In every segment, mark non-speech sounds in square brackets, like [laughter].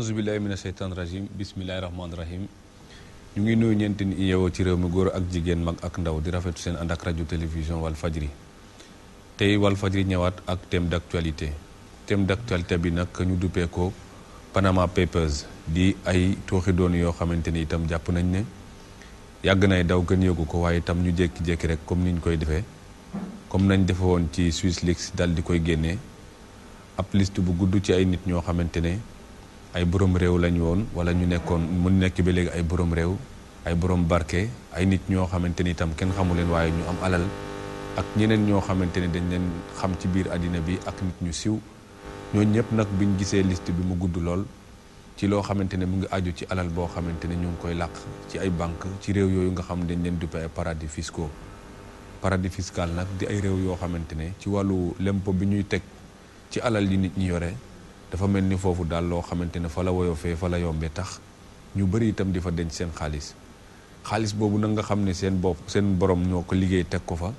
aousubillahi mina sheytaan rajim bismillahi rahmaani rahim ñu ngi nuyu ñeenti ni yeewoo ci réew mi góor ak jigéen mag ak ndaw di rafetu seen ànd ak rajo télévision wal fajri tey wal fajri ñëwaat ak thème d' actualité thème d' bi nag ñu duppee ko Panama Papers di ay tooxi doon yoo xamante ni itam jàpp nañ ne yàgg nay daw gën yëgu ko waaye itam ñu jékki-jékki rek comme niñ koy defee comme nañ defe woon ci Swiss Leaks dal di koy génnee ab liste bu gudd ci ay nit ñoo xamante ne ay borom réew lañ woon wala ñu nekkoon mu nekk bi léegi ay borom réew ay borom barke ay nit ñoo xamante ni itam kenn xamu leen waaye ñu am alal ak ñeneen ñoo xamante ne dañ leen xam ci biir àddina bi ak nit ñu siw ñooñ ñëpp nag bi ñu gisee liste bi mu gudd lool ci loo xamante ne mu ngi aju ci alal boo xamante ne ñu ngi koy làq ci ay banque ci réew yooyu nga xam dañ leen duppe ay paradis fiscaux paradis fiscal nag di ay réew yoo xamante ne ci wàllu lempo bi ñuy teg ci alal yi nit ñi yore dafa mel ni foofu daal loo xamante ne fa la woyofee fa la yombee tax ñu bëri itam di fa denc seen xaalis xaalis boobu nag nga xam ne seen bopp seen borom ñoo ko liggéey teg ko fa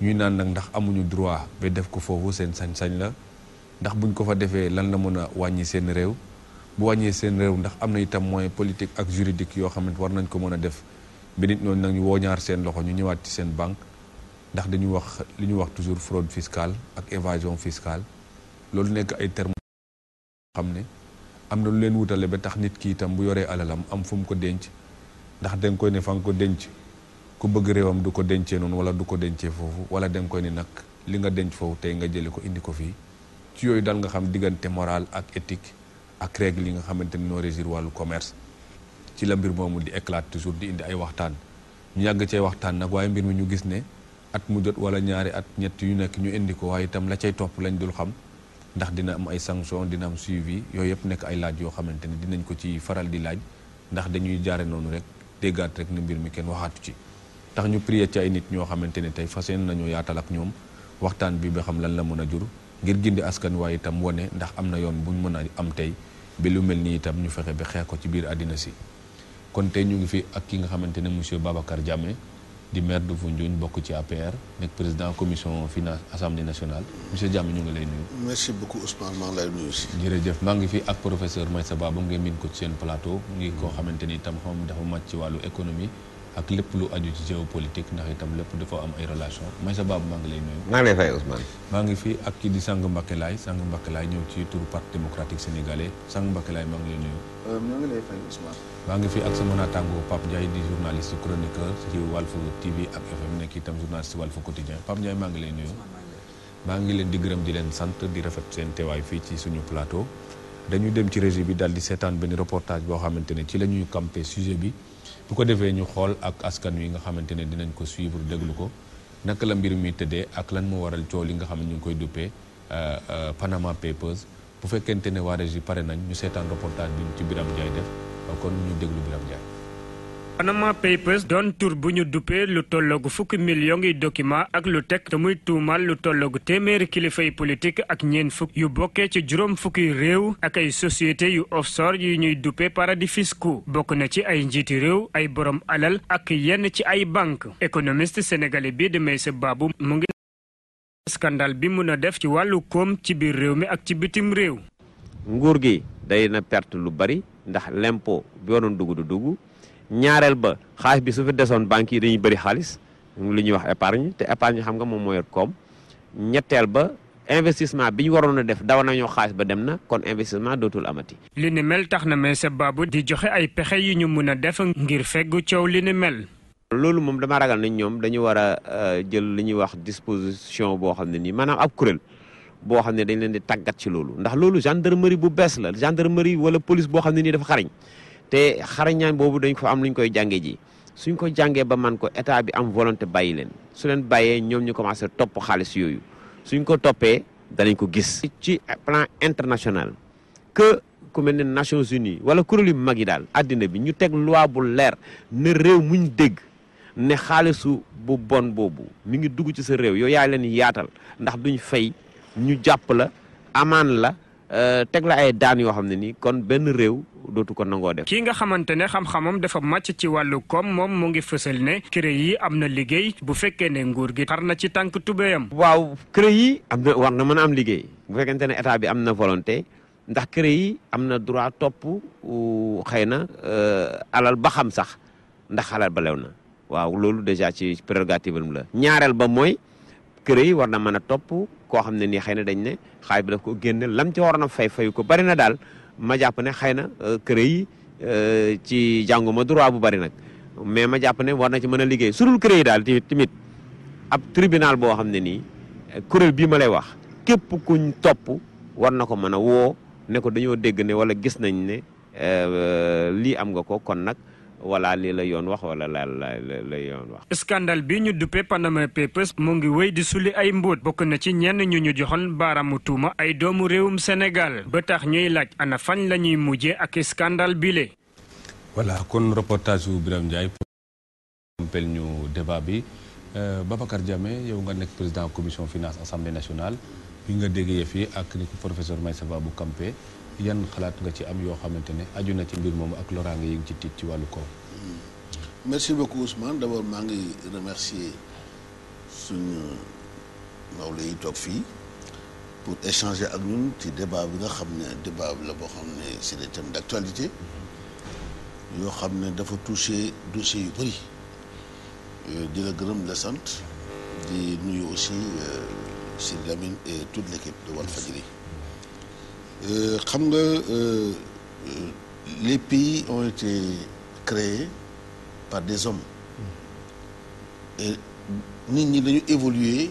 ñuy naan nag ndax amuñu droit ba def ko foofu seen sañ-sañ la ndax buñ ko fa defee lan la mën a wàññi seen réew bu wàññee seen réew ndax am na itam mooy politique ak juridique yoo xam ne war nañ ko mën a def ba nit ñooñu nag ñu wooñaar seen loxo ñu ñëwaat ci seen banque ndax dañu wax li ñu wax toujours fraude ak évasion fiscale xam ne am na lu leen wutale ba tax nit ki itam bu yoree alalam am fu mu ko denc ndax danga koy ne fang ko denc ku bëgg réewam du ko dencee noonu wala du ko dencee foofu wala danga koy ne nag li nga denc foofu tey nga jële ko indi ko fii ci yooyu dal nga xam diggante moral ak éthique ak règle yi nga xamante ni noo régir wàllu commerce ci la mbir moomu di éclate toujours di indi ay waxtaan ñu yàgg cay waxtaan nag waaye mbir mi ñu gis ne at mu jot wala ñaari at ñett yu nekk ñu indi ko waaye itam la cay topp lañ dul xam ndax dina am ay sanction dina am suivi yooyu yëpp nekk ay laaj yoo xamante ne dinañ ko ci faral di laaj ndax dañuy jaare noonu rek déggaat rek ni mbir mi kenn waxaatu ci tax ñu prier ci ay nit ñoo xamante ne tey fas yéene nañoo yaatal ak ñoom waxtaan bi ba xam lan la mën a jur ngir gindi askan waaye itam wane ndax am na yoon buñ mën a am tey bi lu mel nii itam ñu fexe ba xeex ko ci biir àddina si kon tey ñu ngi fi ak ki nga xamante ne monsieur Babacar Diame di maire de Foundiougne bokk ci APR nekk président commission finance assemblée nationale monsieur Diame ñu ngi lay nuyu. merci beaucoup Ousmane maa ngi lay nuyu maa ngi fi ak professeur Maïssa Ba ba ngeen miin ko ci seen plateau. mu ngi koo xamante ni itam xam dafa màcc ci wàllu économie ak lépp lu aju ci géopolitique ndax itam lépp dafa am ay relation Maïssa Ba maa ngi lay nuyu. maa ngi lay fay Ousmane. maa ngi fi ak kii di Sang Mbacke Laay Sang Mbacke Laay ñëw ci turu parti démocratique sénégalais Sang Mbacke Laay maa ngi lay maa ngi fi ak sama naataango Pape Ndiaye di journaliste chroniqueur ci Walf TV ak FM nekk itam journaliste Walf Quotidien Pape Ndiaye maa ngi lay nuyu. maa ngi leen di gërëm di leen sant di rafet seen teewaay fii ci suñu plateau. dañu dem ci régie bi daal di seetaan benn reportage boo xamante ne ci la ñuy campé sujet bi bu ko defee ñu xool ak askan wi nga xamante ne dinañ ko suivre déglu ko naka la mbir mi tëddee ak lan moo waral coow li nga xam ne ñu ngi koy duppee euh, euh, Panama Papers. bu fekkente ne waa régie pare nañ ñu seetaan reportage bi ci Birame Ndiaye def kon ñu déglu Birame Ndiaye. Panama Papers doon tur bu ñu duppee lu tolloogu fukki millions yi document ak lu tek te muy tuumaal lu tolloogu téeméeri kilifay politique ak ñeent fukk yu bokkee ci juróom fukki réew ak ay société yu offshore yu ñuy duppee paradis fiscaux bokk na ci ay njiiti réew ay borom alal ak yenn ci ay banque économiste sénégalais bi de Meïssa mu ngi scandale bi mun a def ci wàllu koom ci biir réew mi ak ci bitim réew. nguur gi day na perte lu bari ndax lempo bi waroon dugg du dugg ñaareel ba xaalis bi su fi desoon banques yi dañuy bëri xaalis lu ñuy wax épargne te épargne xam nga moom moo yor koom ñetteel ba. investissement bi ñu waroon a def daw nañoo xaalis ba dem na kon investissement dootul amati. li mel tax na mais sa baabu di joxe ay pexe yu ñu mun a def ngir feggu coow li ni mel. loolu moom dama ragal nañ ñoom dañu war a euh, jël li ñuy wax disposition boo xam ne nii maanaam ab kuréel boo xam ne dañ leen di tàggat ci loolu ndax loolu gendarmerie bu bees la gendarmerie wala police boo xam ne nii dafa xarañ te xarañaan boobu dañ ko am lu ñu koy jàngee ji suñ ko jàngee ba man ko état bi am volonté bàyyi leen su leen bàyyee ñoom ñu commencé topp xaalis yooyu suñ ko toppee danañ ko gis. ci plan international que ku mel ne Nations Unies wala kuréel yu mag yi daal. àddina bi ñu teg loi bu leer ne réew muñ dégg. ne xaalisu bu bon boobu mi ngi dugg ci sa réew yow yaa leen yaatal ndax duñ fay ñu jàpp la amaan la euh, teg la ay daan yoo xam ne nii kon benn réew dootu ko nangoo def. kii nga xamante ne xam-xamam dafa màcc ci wàllu koom moom mu ngi fësal ne CREI yi am na liggéey bu fekkee ne nguur gi xar na ci tànk tubéyam. waaw CREI yi am na war na mën a am liggéey bu fekkente ne état bi am na volonté ndax CREI yi am na droit topp xëy na euh, alal ba xam sax ndax alal ba lew na. waaw loolu dèjà ci prérogative am la ñaareel ba mooy kër yi war na mën a topp koo xam ne nii xëy na dañ ne xaay bi daf ko génne lam ci war na fay fayu ko bari na daal ma jàpp ne xëy na euh, kër yi euh, ci jànguma droit bu bari nag mais ma jàpp ne war na ci mën a liggéey surul kër yi daal tamit ab tribunal boo xam ne nii kuréel bii ma lay wax képp kuñ topp war na ko mën a woo ne ko dañoo dégg ne wala gis nañ ne euh, lii am nga ko kon nag wala lii la yoon wax wala la la yoon wax. scandale bi ñu duppee Panama Papers mu ngi wéy di suli ay mbóot bokk na ci ñenn ñu ñu joxon baaraamu tuuma ay doomu réewum Sénégal ba tax ñuy laaj ana fañ lañuy mujje mujjee ak scandale bile. voilà kon reportage bu Birame Ndiaye pour ñu débat bi euh, Babacar Diame yow nga nekk président commission finance assemblée nationale bi nga déggee fii ak ni ko professeur Maïssa Babou Kampé. yan xalaat nga ci am yoo xamante ne aju na ci mbir moom ak loraange yi ci tiit ci wàllu kaw hmm. merci beaucoup Ousmane d'abord maa ngi remercier suñu mawla yi toog fii pour échanger ak ñun ci débat bi nga xam ne débat bi la boo xam ne c'est des thèmes d'actualité yoo xam ne dafa toucher dossiers yu bëri euh, di gërëm la sant di nuyu aussi euh, Sidy Lamine et toute l'équipe de Walfadjri Euh, xam nga euh, le pays on été créés par des hommes mm. nit ñi dañu évoluer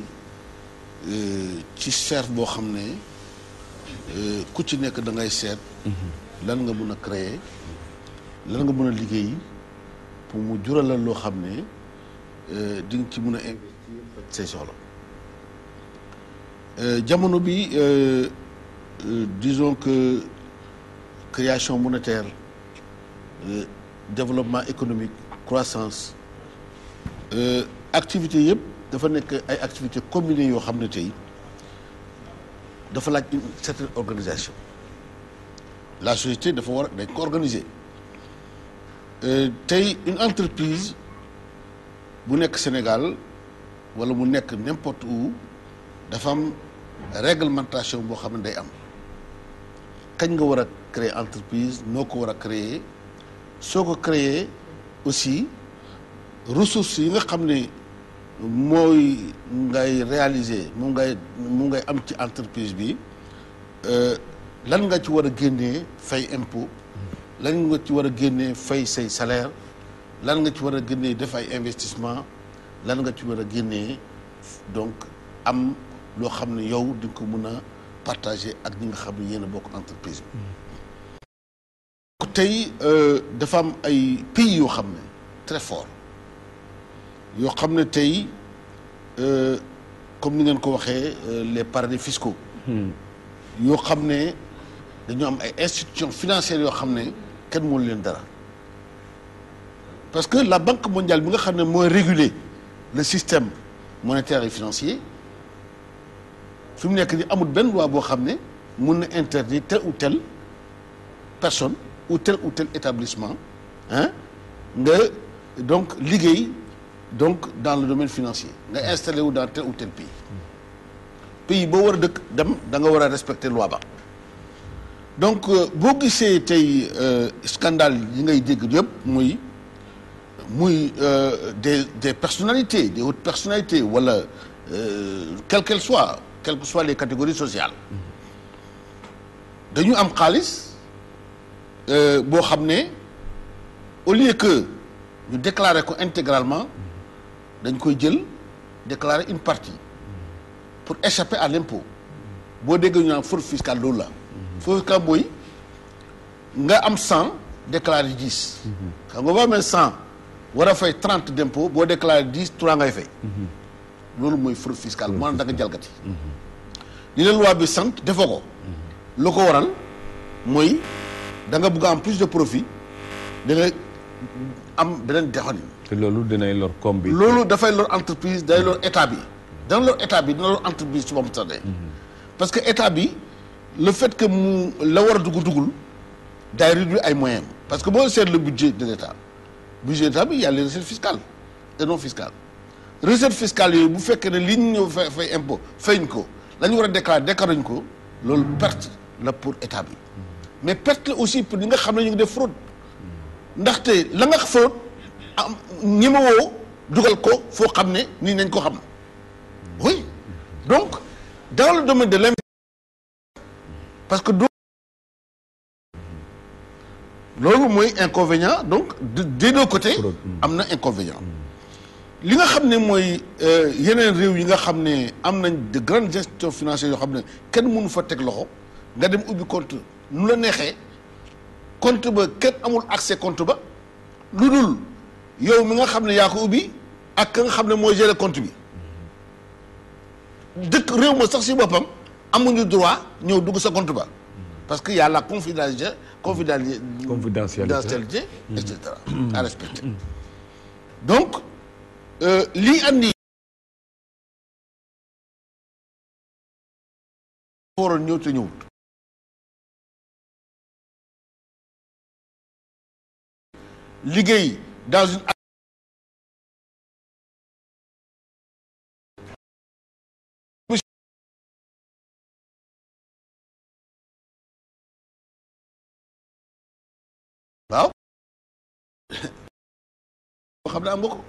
euh, ci sphère boo xam ne ku ci nekk da ngay seet mm-hmm. lan nga mun a créer lan nga mun a liggéey pour mu juralal loo xam ne di nga ci mun a investir faj say jamono bi euh, disons que création monétaire euh, développement économique croissance euh, activité yëpp dafa nekk ay activités communes yoo xam ne tey dafa laaj une certaine organisation la société dafa war a dañ ko organiser euh, tey une entreprise bu nekk Sénégal wala mu nekk n'importe où dafa am réglementation boo xam ne day am kañ nga war a créer entreprise noo ko war a créer soo ko créer aussi ressources yi nga xam ni mooy ngay réaliser mu ngay mu ngay am ci entreprise bi euh, lan nga ci war a génnee fay impôt lan nga ci war a génnee fay say salaire lan nga ci war a génnee def ay investissement lan nga ci war a génnee donc am loo xam ne yow di ko mun a partagé ak ñi nga xam yéen a bokk entreprise bi. ko tey euh, dafa am ay pays yoo xam ne très fort yoo xam ne tey euh, comme ni ngeen ko waxee euh, les paradis fiscaux. Hmm. yoo xam ne dañoo am ay institutions financières yoo xam ne kenn mënu leen dara parce que la banque mondiale bi nga xam ne mooy réguler le système monétaire et financier. fi mu nekk ni amul benn loi boo xam ne mun na interdire telle ou telle personne ou tel ou tel établissement ah nga donc liggéey donc dans le domaine financier nga installé wu dans tel ou tel pays pays boo war a dëkk dem da nga war a respecter loi ba donc euh, boo gisee tey euh, scandale yi ngay dégg yëpp muy muy euh, des des personnalités des hautes personnalités wala quelle qu'elle soit quelles que soient les catégories sociales dañu am xaalis euh, boo xam ne au lieu que ñu déclarer ko intégralement dañ koy jël déclarer une partie pour échapper à l'impôt boo déggee ñu naan fraude fiscale loolu la fraude fiscale booy nga am cent déclarer dix mhm. xam nga boo amee cent war a fay trente d'impôt boo déclarer dix trois ngay fay mhm. loolu mooy fraude fiscale maanaam da nga jalgati. li la loi bi sant defoo ko. loo ko waral mooy da nga bugg am plus de profit da nga am beneen dexonin. te loolu dinay lor koom bi. loolu dafay lor entreprise day lor état bi. dana lor état bi dina lor entreprise su ma parce que état bi le fait que mu la war a dugg duggul day réduire ay moyen parce que boo seet le budget de l' état budget d' état bi yàlla a les recettes et non fiscales. recette fiscale yooyu bu fekkee ne li ñu ñëw fay fay impôt feeñ ko lañu ñu war a déclarer déclaré ñu ko loolu perte la pour état mais perte la aussi pour li nga xam ne ñu ngi def fraude ndaxte la nga fraude am ñi dugal ko foo xam ne nii nañ ko xam oui donc dans le domaine de l' parce que loolu mooy inconvénient donc des deux côtés am na inconvénient li nga xam ne mooy euh, yeneen réew yi nga xam ne am nañ de grandes gestions financières yoo xam ne kenn mënu fa teg loxo nga dem ubbi compte nu la neexee compte ba kenn amul accès compte ba lu dul yow mi nga xam ne yaa ko ubbi ak ka nga xam ne mooy gérer compte bi dëkk réew ma sax si boppam amuñu droit ñëw dugg sa compte ba parce que y a la confidentialité confidentialité et cetera à respecter mm. donc Euh, lii am nii waroon ñëw te ñëwut liggéey dans une waaw [coughs] xam naa am nga ko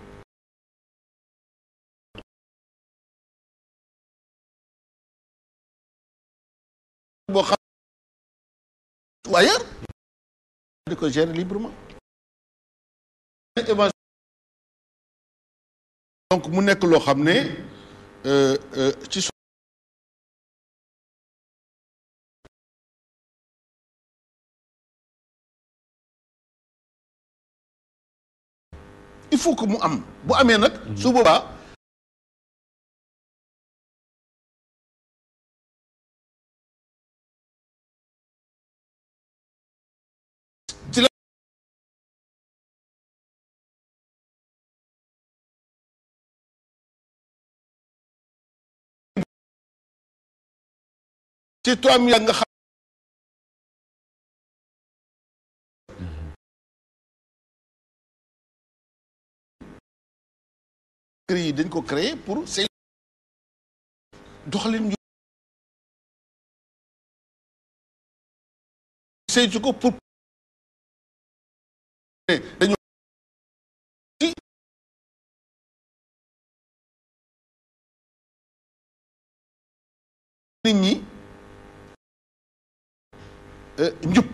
boo xam ou ailleurs di ko gérer librement donc mu nekk loo xam ne euh, euh, ci su il faut que mu am bu amee nag su boobaa ci toom ya nga xam kër yi dañ ko créer pour seen doxalin yu saytu ko pour dañu nit ñi njub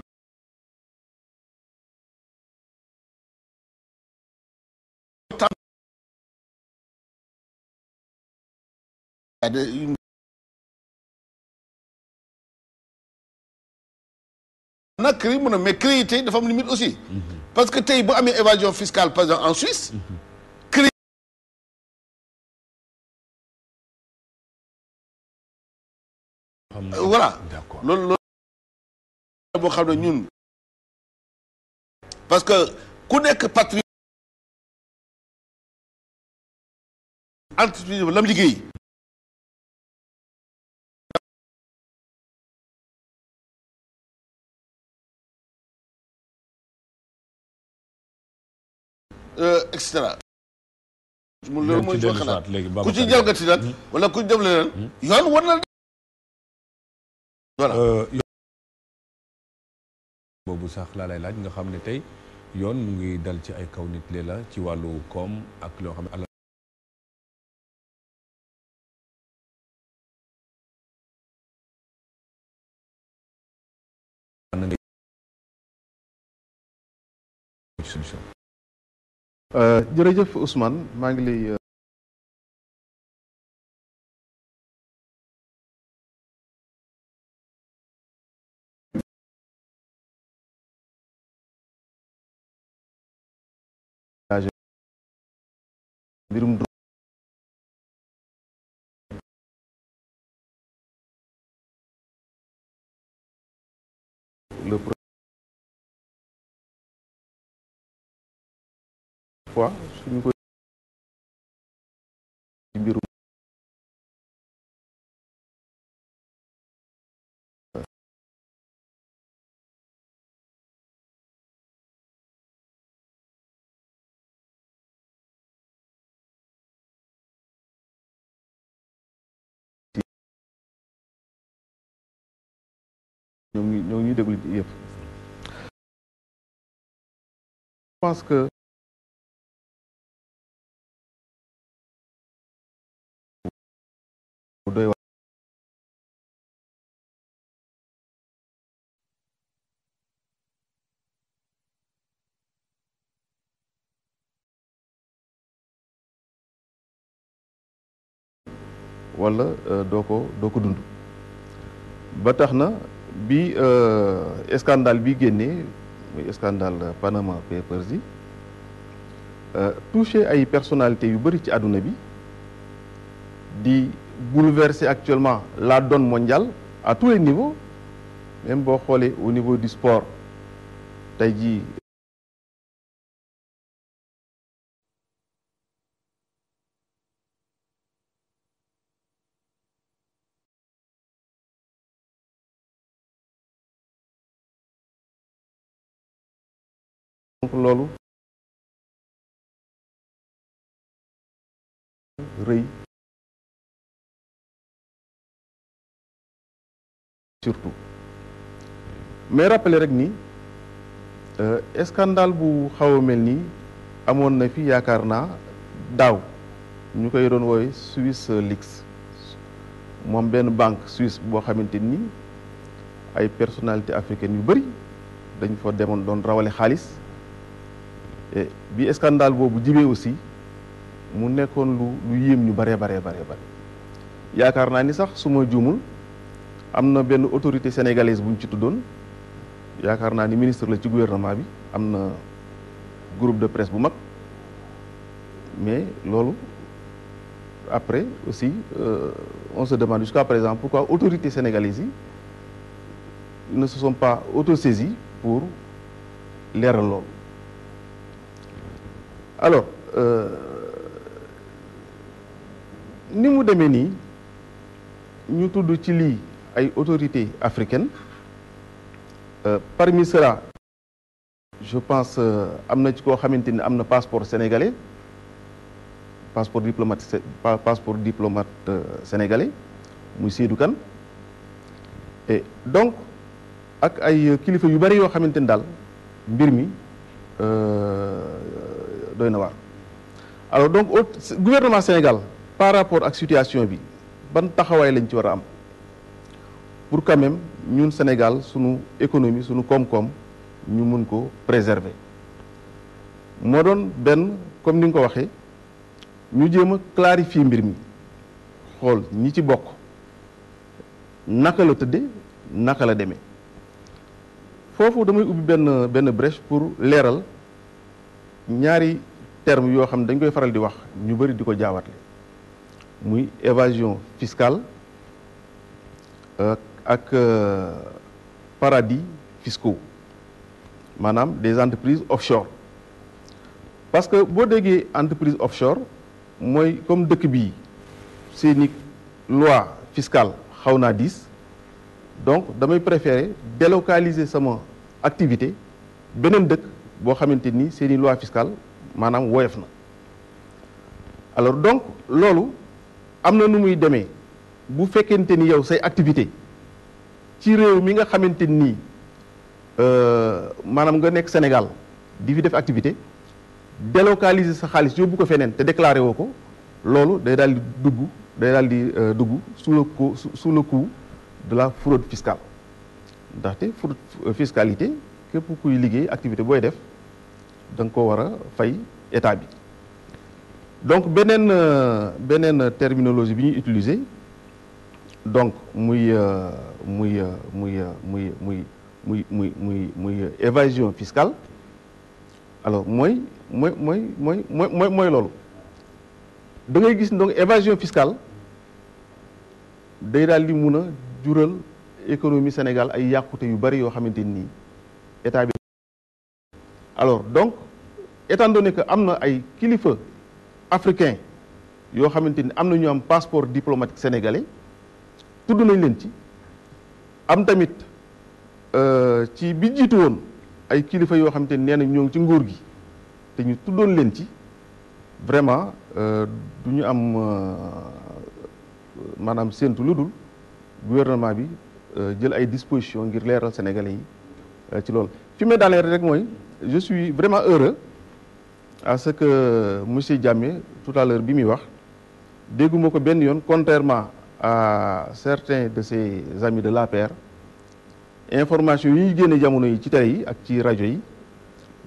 nag CREI mën a mais CREI tey dafa am limite aussi mhm. parce que tey bu amee évasion fiscale par en Suisse CREI mhm. voilà loolu boo xam ne parce que ku nekk patrie entreprise lam liggéey euh, et cetera loolu mooy soo xalaat jalgati nag hmm. wala ku ci def leneen hmm. yoon war boobu sax laaj nga xam ne tey yoon mu ngi dal ci ay kaw nit ci wàllu koom ak loo xam euh, jërëjëf Ousmane maa ngi lay mbirum le fois suñu ko déglu yëpp je pense que wala euh, doo ko dund ba tax na bi euh, scandale bi génnee muy scandale Panama Papers yi euh, touché ay personnalités yu bëri ci àdduna bi di bouleverser actuellement la donne mondiale à tous les niveaux même boo xoolee au niveau du sport tey jii loolu rëy surtout mais rappeler rek ni euh, scandale bu xawa a mel nii amoon na fi yaakaar na daaw ñu koy doon woowe Swiss Leaks moom benn banque suisse boo xamante ni ay personnalité africain yu bari dañ fa demoon doon rawale xaalis bi scandale boobu jibee aussi mu nekkoon lu yéem ñu baree baree baree bare yaakaar naa ni sax su ma juumul am na benn autorité sénégalaise buñ ci tuddoon yaakaar naa ni ministre la ci gouvernement bi am na groupe de presse bu mag mais loolu après aussi euh, on se demande exemple présent pourquoi autorité sénégalaises yi ne se sont pas autosaisies pour leeral loolu alors euh, ni mu demee nii ñu tudd ci lii ay autorité africaine euh, parmi cela je pense euh, am na ci koo xamante ni am na passeport sénégalais passeport diplomate passeport diplomate euh, muy Seydou Kane et donc ak ay kilifa yu bari yoo xamante ni daal mbir mi euh, doy na waar alors donc au gouvernement Sénégal par rapport ak situation bi ban taxawaay lañ ci war a am pour quand même ñun Sénégal sunu économie sunu koom-koom ñu mun ko préserver moo doon benn comme ni nga ko waxee ñu jéem a clarifier mbir mi xool ñi ci bokk naka la tëdde naka la demee foofu damay ubbi benn benn brèche pour leeral ñaari terme yoo xam ne dañ koy faral di wax ñu bëri di ko jaawatle muy évasion fiscale euh, ak euh, paradis fiscaux maanaam des entreprises offshore parce que boo déggee entreprise offshore mooy comme dëkk bii seeni loi fiscale xaw naa diis donc damay préférer délocaliser sama activité beneen dëkk boo xamante ni seen i loi fiscale maanaam woyof na alors donc loolu am na nu muy demee bu fekkente ni yow say activité ci réew mi nga xamante nii euh, maanaam nga nekk Sénégal di fi def activité délocaliser sa xaalis yóbbu ko feneen te déclaré woo ko loolu day daal di dugg day daal di euh, dugg su le coup sous le coup de la fraude fiscale ndaxte fraude euh, fiscalité képp kuy liggéey activité booy def da nga ko war a fay état bi donc beneen beneen terminologie bi ñuy utiliser donc muy euh, muy euh, muy euh, muy muy muy muy muy muy évasion fiscale alors mooy mooy mooy mooy mooy mooy loolu da ngay gis donc évasion fiscale day daal di mun a jural économie Sénégal ay yàqute yu bari yoo xamante nii état bi donc étant donné que am na ay kilifa africain yoo xamante ni am na ñu am passeport diplomatique sénégalais tudd nañ leen ci am tamit euh, ci bi jiitu ay kilifa yoo xamante ni nee nañ ñoo ngi ci nguur gi te ñu tuddoon leen ci vraiment euh, du ñu am euh, maanaam séentu lu dul gouvernement bi jël ay dispositions ngir leeral sénégalais yi Euh, ci loolu fi may daanelee rek mooy je suis vraiment heureux à ce que monsieur Diamé tout à l'heure bi muy wax dégguma ko benn yoon contrairement à certains de ses amis de l'APR information yi ñu génne jamono yi ci télé yi ak ci rajo yi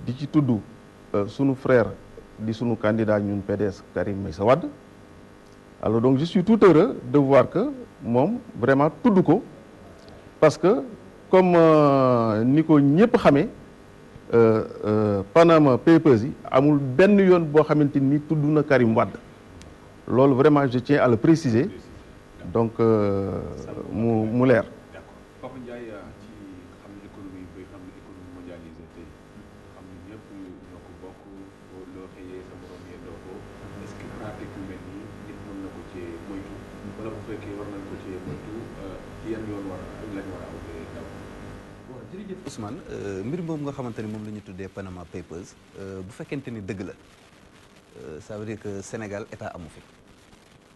di ci tudd euh, sunu frère di sunu candidat ñun PDS Karim Meïssa Wade alors donc je suis tout heureux de voir que moom vraiment tudd ko parce que comme euh, ni ko ñëpp xamee euh, euh, Panama Papers yi amul benn yoon boo xamante ni tudd na Karim Wade loolu vraiment je tiens à le préciser donc mu mu leer. Ousmane euh, mbir moom nga xamante ni moom la ñu tuddee Panama Papers euh, bu fekkente ni dëgg la euh, ça veut dire que Sénégal état amu fi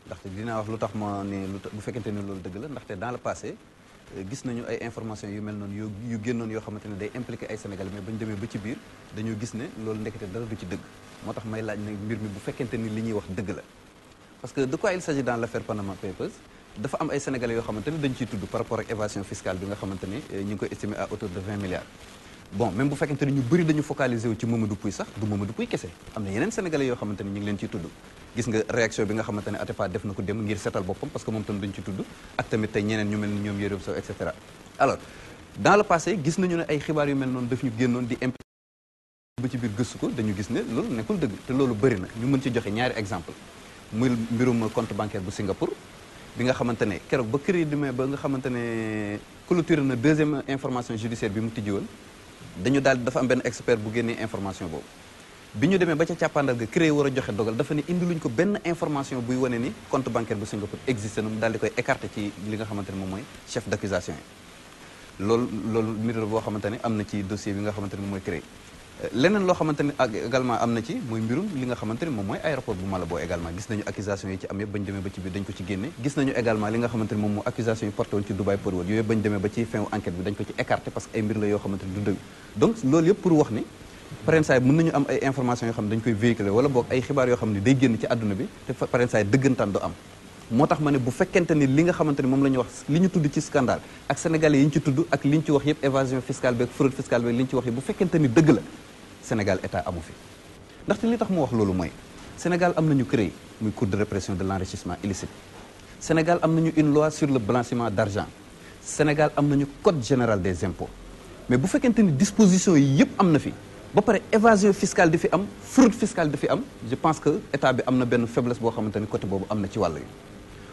ndaxte dinaa wax lu tax ma ni lu bu fekkente ni loolu dëgg la ndaxte daal le passé gis nañu ay information yu mel noonu yu génnoon yoo xamante ne day impliqué ay Sénégalais mais ba ñu demee ba ci biir dañoo gis ne loolu ndekete dara du ci dëgg moo tax may laaj ne mbir mi bu fekkente ni li ñuy wax dëgg la parce que de quoi il s'agit dans l'affaire dafa am ay sénégalais yoo xamante ne dañ ciy tudd par rapport ak évasion fiscale bi nga xamante ne eh, ñu ngi koy estimé à hauteur de 20 milliards bon même bu fekkente ne ñu bëri dañu focaliser wu ci Mamadou Pouye sax du Mamadou Pouye kese am na yeneen sénégalais yoo xamante ñu ngi leen ciy tudd gis nga réaction bi nga xamante ne Atepa def na ko dem ngir seetal boppam parce que moom tam dañ ci tudd ak tamit tey ñeneen ñu mel ni ñoom Yérim Sow et alors dans le gis nañu ne ay xibaar yu mel noonu daf ñu génnoon di biir gëstu ko dañu gis ne loolu nekkul dëgg loolu bëri na ñu mën ci joxe ñaari exemple muy mbirum compte bancaire bi nga xamante ne keroog ba crédit du ba nga xamante ne clôture na deuxième information judiciaire bi mu tijji woon dañu daal dafa am benn expert bu génnee information boobu bi ñu demee ba ca càppaandal ga créé war a joxe dogal dafa ne indiluñ ko benn information buy wane ni compte bancaire bu Singapour existé na mu daal di koy écarté ci li nga xamante ne moom mooy chef d' yi loolu loolu mbir boo xamante ne am na ci dossier bi nga xamante ne moom mooy leneen loo xamante ni ak également am na ci muy mbirum li nga xamante ni moom mooy aéroport bu Malabo également gis nañu accusation yi ci am yëpp bañ demee ba ci fin wu enquête bi dañ ko ci écarté parce que ay mbir la yoo xamante ni du dëgg donc loolu yëpp pour wax ni parrainage mën nañu am ay information yoo xam ne dañ koy véhiculer wala boog ay xibaar yoo xam ne day génn ci àdduna bi te parrainage dëggantaan du am moo tax ma ne bu fekkente ni li nga xamante ni moom la ñu wax li ñu tudd ci scandale ak sénégalais yi ñu ci tudd ak li ñu ci wax yëpp évasion fiscale beeg fraude fiscale beeg li ñu ci wax yëpp bu état amu fi ndaxte li tax mu wax loolu mooy Sénégal am nañu CREI muy cour de répression de l'enrichissement illicite Sénégal am nañu une loi sur le blanchiment d'argent Sénégal am nañu code général des impôts mais bu fekkente ni dispositions yi yëpp am na fi ba pare évasion fiscale di fi am fraude fiscale am je pense que état bi am na benn faiblesse boo xamante ni côté boobu am na ci wàll yi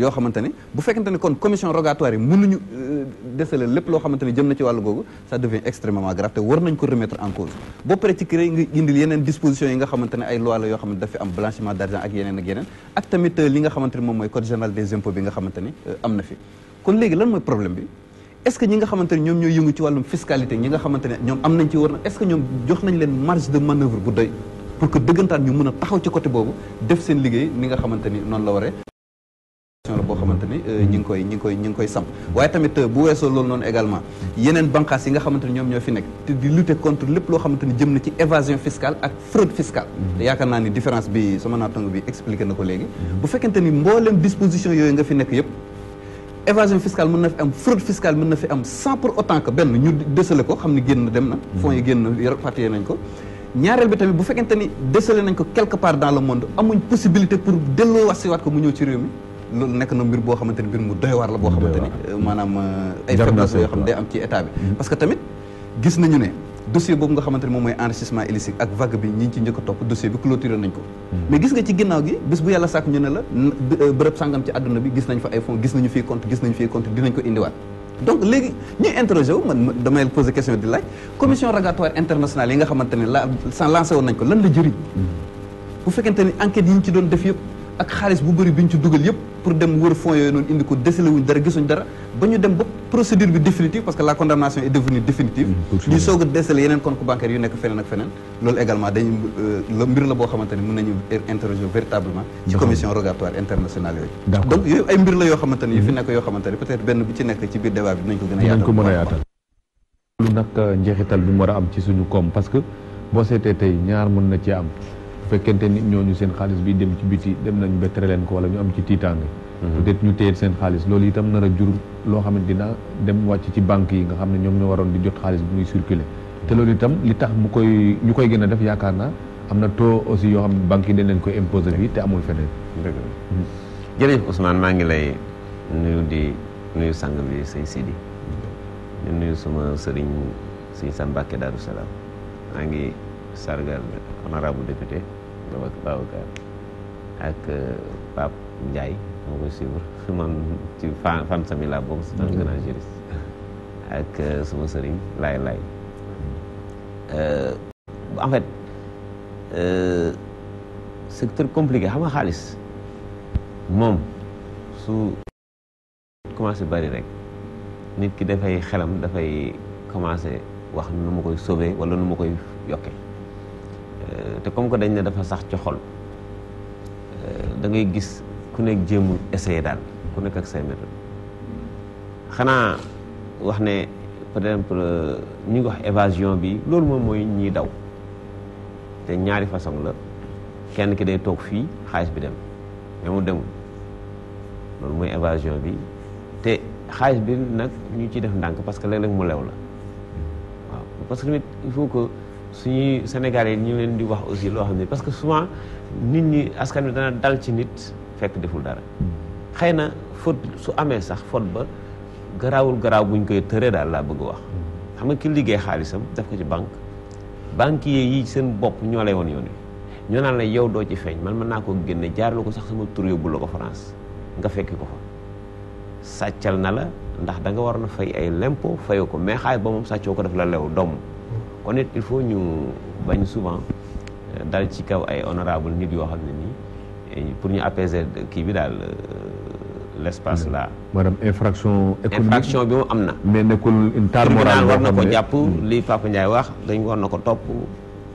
yoo xamante ne bu fekkente ne kon commission rogatoire yi mënuñu euh, desale lépp loo xamante ne jëm na ci wàllu googu ça devient extrêmement grave te war nañ ko remettre en cause boo paree ci créé nga nga xamante ne ay loi la yoo xamante dafa am blanchiment d'argent ak yeneen ak yeneen ak tamit euh, li nga xamante ne moom mooy code général nga xamante ne euh, am na fi kon léegi lan mooy problème bi est-ce que ñi nga xamante ne ñoom ñooy yëngu ci wàllum ci war na est-ce que ñoom boobu def seen liggéey ni nga xamante ni noonu la waree la boo xamante ni euh, ñi ngi koy ñi ngi koy ñi ngi koy samp waaye tamit euh, bu weesoo loolu noonu également yeneen banqaas yi nga xamante ni ñoom ñoo fi nekk te di lutter contre lépp loo xamante ni jëm na ci évasion fiscale ak fraude fiscale te mm-hmm. yaakaar naa ni différence bi sama naatango bi expliqué na ko léegi bu fekkente ni mbooleem disposition yooyu nga fi nekk yëpp évasion fiscale mën na fi am fraude fiscale mën na fi am sans pour autant que benn ñu décelé ko xam ni génn dem na mm-hmm. fonds yi génn rapatrié nañ ko ñaareel bi tamit bu fekkente ni décelé nañ ko quelque part dans le monde amuñ possibilité pour delloo wasiwaat ko mu ñëw ci réew mi loolu nekk na mbir boo xamante ne mbir mu doy waar la boo xamante ni maanaam ay faiblesse yoo xam ne day am ci état bi parce que tamit gis nañu ne dossier boobu nga xamante ne moom mooy enrichissement illicite ak vague bi ñi njëkk a topp dossier bi clôturé nañ ko mais gis nga ci ginnaaw gi bis bu yàlla sàkk ñu ne la bërëb sàngam ci àdduna bi gis nañ fa ay gis nañu fii compte gis nañu fii compte dinañ ko indiwaat donc léegi ñuy interroger wu man damay poser question di laaj commission rogatoire xamante ne la lancé woon nañ ko lan la jëriñ ñu ci doon def yëpp ak xaalis bu bëri bi ñu ci dugal yëpp pour dem wër fonds yooyu noonu indi ko décelé wuñ dara gisuñ dara ba ñu dem ba procédure bi définitive parce que la condamnation est devenue définitive mm, ñu soog a décelé yeneen compte bancaire yu nekk feneen ak feneen loolu également dañu euh, mbir la boo xamante ne mën nañu er, interroger véritablement ci commission rogatoire internationale yooyu donc yooyu ay mbir la yoo xamante ne yu fi mm-hmm. nekk yoo xamante ne peut être benn bu euh, mu war am ci suñu koom parce que boo seetee tey ñaar mën na am fekkente nit ñooñu seen xaalis bi dem ci biti dem nañ ba tere leen ko wala ñu am ci tiitaange mhm. peut-être ñu téye seen xaalis loolu itam nar a jur loo xam ne dina dem wàcc ci banque yi nga xam ne ñoom ñoo waroon di jot xaalis bi muy circuler te loolu tam li tax mu koy ñu koy gën a def yaakaar naa am na taux aussi yoo xam ne banque yi dañ leen koy imposer fii te amul feneen dëgg la mhm. jërëjëf Ousmane maa ngi lay nuyu di nuyu sang bi sëñ Sidi di nuyu suma sëriñ sëñ Sambàkke Daaru Salaam ngi sargal honorable député Diop ak eh, Babacar [laughs] hmm. ak Pape eh, Ndiaye moo koy suivre man ci fan ak suma sëriñ laay laay en eh, fait secteur compliqué xam nga xaalis moom su commencé bari rek nit ki dafay xelam dafay commencé wax nu ma koy sauver wala nu ma koy yokkee Euh, te comme que dañ ne dafa sax ci xol euh, da ngay gis ku nekk jéemu essayé daal ku nekk ak say méthode xanaa wax ne par exemple euh, ñu ngi wax évasion bi loolu moom mooy ñiy daw te ñaari façon la kenn ki day toog fii xaalis bi dem mu demul loolu mooy évasion bi te xaalis bi nag ñu ci def ndànk parce que léeg-léeg mu lew la waaw parce que il faut que suñuy sénégal yi ñu leen di wax aussi loo xam ne parce que souvent nit ñi askan wi dana dal ci nit fekk deful dara xëy na faute su amee sax foot ba garaawul garaaw buñ koy tëree daal laa bëgg wax xam nga ki liggéey xaalisam def ko ci banque banquier yi seen bopp ñoo lay woon yoon wi ñoo naan la yow doo ci feeñ man mën naa ko génne jaarlu ko sax sama tur yóbbu la ko France nga fekki ko fa sàccal na la ndax da nga war na fay ay lempo fayu ko mais xaalis ba sàccoo ko daf la lew doom honnête il faut ñu bañ souvent euh, dal ci kaw ay honorable nit yoo xam ne nii pour ñu apaiser kii bi daal euh, l' espace mm. là. maanaam infraction infraction bi moom am na. mais nekkul une tare morale war na ko jàpp mm. li Papa wax dañ war na ko topp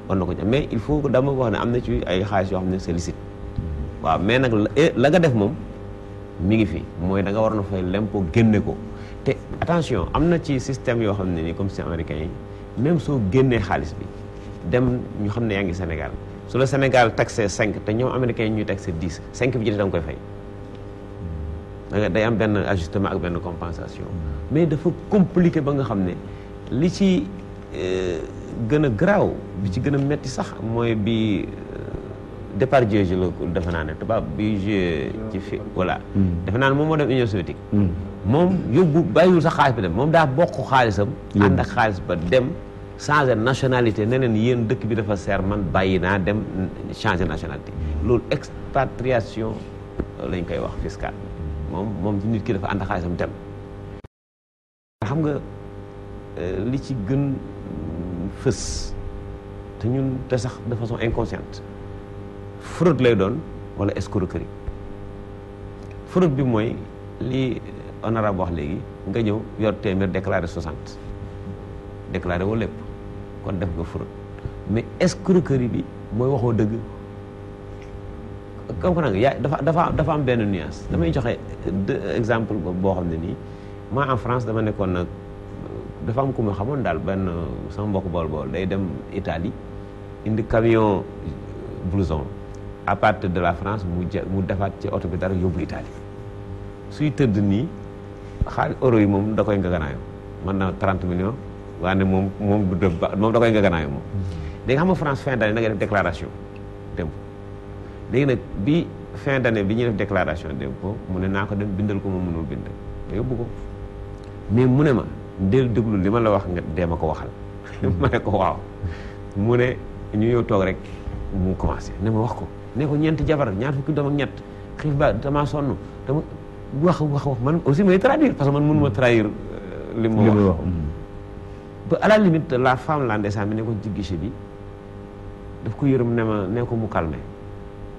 war na ko jàpp mais il faut que dama wax ne am na ci ay xaalis yoo xam ne sollicite mm. waaw mais nag eh, la nga def moom mi ngi fi mooy da nga war na fay lempo génne ko te attention am na ci système yoo xam ne nii comme si américain yi. même soo génnee xaalis bi dem ñu xam ne yaa ngi Sénégal su la Sénégal taxé 5 te ñoom américains yi ñuy taxé 10 5 bi jëlee da nga koy fay. da day am benn ajustement ak benn compensation. Mm. mais dafa compliqué ba nga xam ne li ci euh, gën a garaaw bi ci gën a metti sax mooy bi. départ Dieu je la defe naa ne tubaab bi joué e ci voilà hmm. defe naa ne moom moo dem Union hmm. moom yóbbu bàyyiwul sax xaalis bi dem moom daa bokk xaalisam ànd xaalis ba dem changer nationalité ne leen yéen dëkk bi dafa seer man bàyyi naa dem changer nationalité hmm. loolu expatriation lañ koy wax fiscale moom moom ci nit ki dafa ànd ak xaalisam dem xam nga euh, li ci gën fës te ñun te sax de façon inconsciente fraude lay doon wala escroquerie fraude bi mooy li honorable wax léegi nga ñëw yor téeméer déclaré 60 déclaré woo lépp kon def nga fraude mais escroquerie bi mooy waxoo dëgg comprendre nga yaa dafa dafa dafa am benn nuance damay joxe exemple boo xam ne nii maa en France dama nekkoon nag dafa am ku ma xamoon daal benn sama mbokk bool bool day dem Italie indi camion euh, blouson à partir de la France mu ja mu defaat ci oto bi dara yóbbu Italie suy tëdd nii xaalis euro yi moom da koy ngaganaayoo man na 30 million waaye ne moom moom du def ba moom da koy ngaganaayoo moom. léegi xam nga France fin d'année da ngay def déclaration d'impôt léegi nag bi fin d'année bi ñu def déclaration d'impôt mu ne naa ko dem bindal ko moom mënul bind ma yóbbu ko mais mu ne ma del déglu li ma la wax nga dee ma ko waxal [laughs] ma ne ko waaw mu ne ñu ñëw toog rek mu commencé ne ma wax ko. ne ko ñeenti jabar ñaar fukki doom ak ñett xiif ba damaa sonn dama wax wax wax man aussi may traduire parce que man mënuma mm. trahir euh, li mu wax mm. ba à la limite la femme la ndeysaan bi ne ko ci guichet bi daf ko yërëm ne ma ne ko mu calme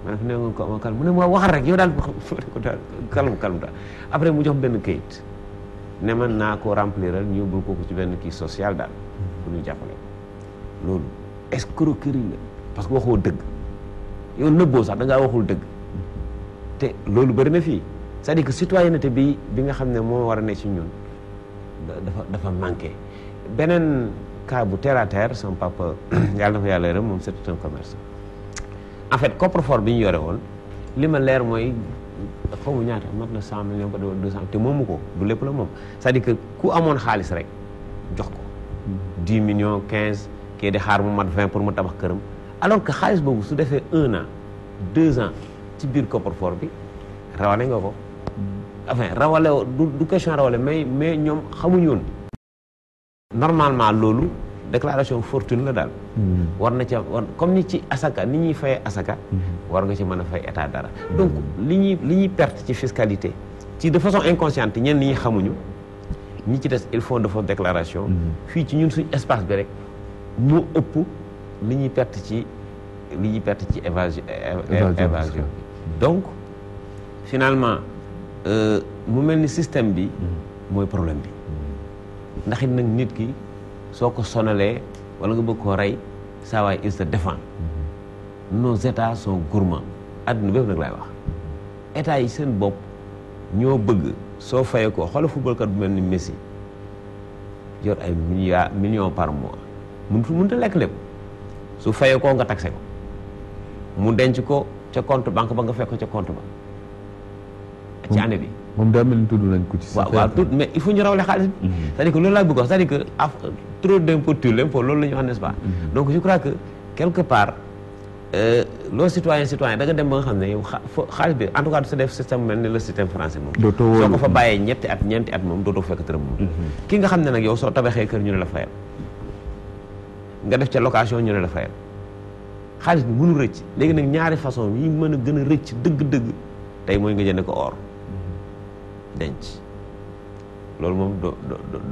ma ne ne ko mu calme mu ne rek yow daal [laughs] ko daal calme daal après mu jox benn kayit ne man naa ko remplir ñu yóbbul kooku ci benn kii social daal mm. pour ñu jàppale loolu escroquerie la parce que waxoo dëgg yow nëbboo sax da ngaa waxul dëgg te loolu bëri na fii c'est-à-dire bi bi nga xam ne moo war a ne ci ñun dafa dafa manqué beneen cas bu terre à terre sama papa [clears throat] yàlla na yàlla yërëm moom c'est un commerçant en fait coffre bi ñu yore woon li ma leer mooy xaw ma ñaata mat na cent millions ba deux cent te moomu ko du lépp la moom c'est-à-dire ku amoon xaalis rek jox ko dix millions quinze kii di xaar mu mat vingt pour mu tabax këram alors que xaalis boobu su defee un an deux ans ci biir coffre-fort bi rawale nga ko enfin rawale du question rawale mais mais ñoom xamuñu woon normalement loolu déclaration fortune la daal mm-hmm. war na ci comme ni ci asaka ni ñuy fayee asaka mm-hmm. war nga ci mën a fay état dara mm-hmm. donc li ñuy li ñuy perte ci fiscalité ci de façon inconsciente ñenn ñi xamuñu ñi ci des il faut de fausses déclaration fii ci ñun suñu espace bi rek moo ëpp li ñuy perte ci li ñuy perte ci évasion évasion bi donc finalement euh, mu mel ni système bi mooy problème bi ndax nag nit ki soo ko sonalee wala nga bëgg koo rey saa waay il se défend nos états sont gourmands adduna bépp nag laay wax état yi seen bopp ñoo bëgg soo fayee ko xoolal footballkat bu mel ni Messi yor ay milliards millions par mois mënut mënut a lekk lépp su fayee koo nga taxé ko mu denc ko ca compte banque ba nga fekk ko ca compte ba. ci année bi moom daa mel ni tudd nañ ko ci. waaw waaw tudd mais il faut ñu rawale xaalis bi. Mhm. c'est-à-dire que loolu laa bëgg wax cest à mhm. quelque part. Euh, loo citoyen citoyen da dem ba nga xam ne yow xaalis bi en tout cas def système mel ni le système français moom soo ko fa bàyyee ñetti at ñeenti at moom dootoo fekk tërëm moom mhm. ki nga xam ne nag yow soo tabaxee kër ñu ne la fayal nga def ca location ñu ne la fayal xaalis bi mënu rëcc léegi nag ñaari façon yi mën a gën a rëcc dëgg-dëgg tey mooy nga jënd ko or denc loolu moom doo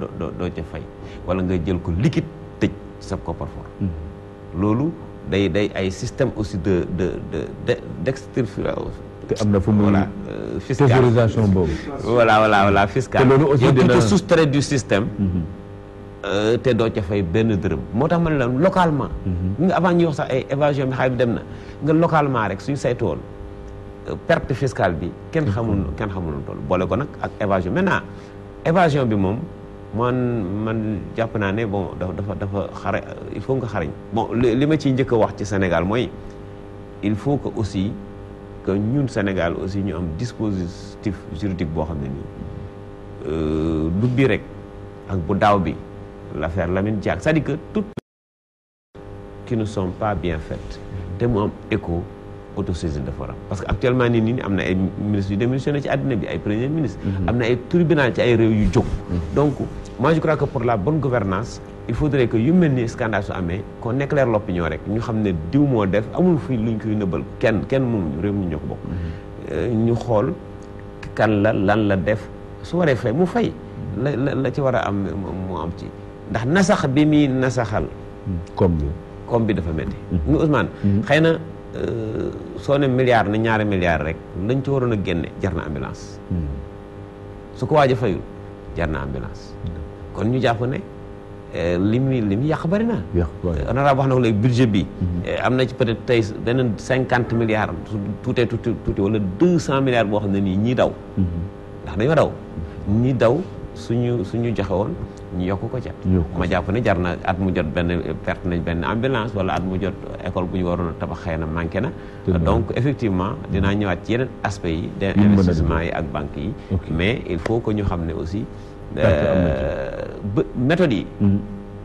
doo doo ca fay wala nga jël ko liquide tëj sa coffre-fort mm-hmm. loolu day day ay système aussi de de de de d'extirpation te am na fu muy euh, fiscalisation boobu voilà voilà voilà fiscal te loolu aussi dina te du système. Mm-hmm. Euh, te doo ca fay benn dërëm moo tax ma ne la localement. Mhm. nga avant ñuy wax sax ay évasion bi xaalis bi dem na nga localement rek suñu saytu woon euh, perte fiscale bi kenn mhm. xamul kenn xamul boole ko nag ak évasion maintenant évasion bi moom man man jàpp naa ne bon dafa dafa xare euh, il faut nga xarañ bon li ma ciy njëkk a wax ci Sénégal mooy il faut que aussi que ñun Sénégal aussi ñu am dispositif juridique boo xam ne nii du bi rek ak bu daaw bi la fair Diack c'est-à-dire que toutes qui ne sont pas bien fait te mu am écho autosaisine dafa war am parce que actuellement nii nii am na ay ministres yu démissionné ci àddina bi ay premier ministre mhm. am na ay tribunal ci ay réew yu jóg mhm. donc moi je crois que pour la bonne gouvernance il faudrait que yu mel ni scandale su amee qu'on éclaire l'opinion rek ñu xam ne diw moo def amul fi luñ koy nëbbal kenn kenn mu réew mi ñoo ko bokk mhm. euh, ñu xool kan la lan la def su waree mu fay la la ci war a am mu am ci ndax nasax bi muy nasaxal. koom bi koom bi dafa métti. mu mm-hmm. Ousmane. Mm-hmm. xëy na euh, soo ne milliard ne ñaari milliard rek lañ ci waroon a génne jar na ambulance. Mm-hmm. su ko waaj a fayul jar na ambulance. kon ñu jàpp ne euh, li muy li muy yàq bari na. honorable wax na ko léegi budget bi. Euh, am na ci peut-être tey beneen cinquante milliards tuutee tuuti tuuti wala deux cent milliards boo xam ne nii ñii daw. ndax dañoo daw ñii daw suñu suñu joxe ñu yokk ko ca ma jàpp ne jar na at mu jot benn perte nañ benn ambulance wala at mu jot école bu ñu waroon a tabax xëy na manqué na donc effectivement dinaa ñëwaat yeneen aspects yi des investissements yi ak banques yi mais il faut que ñu xam ne aussi euh, méthodes yi hmm.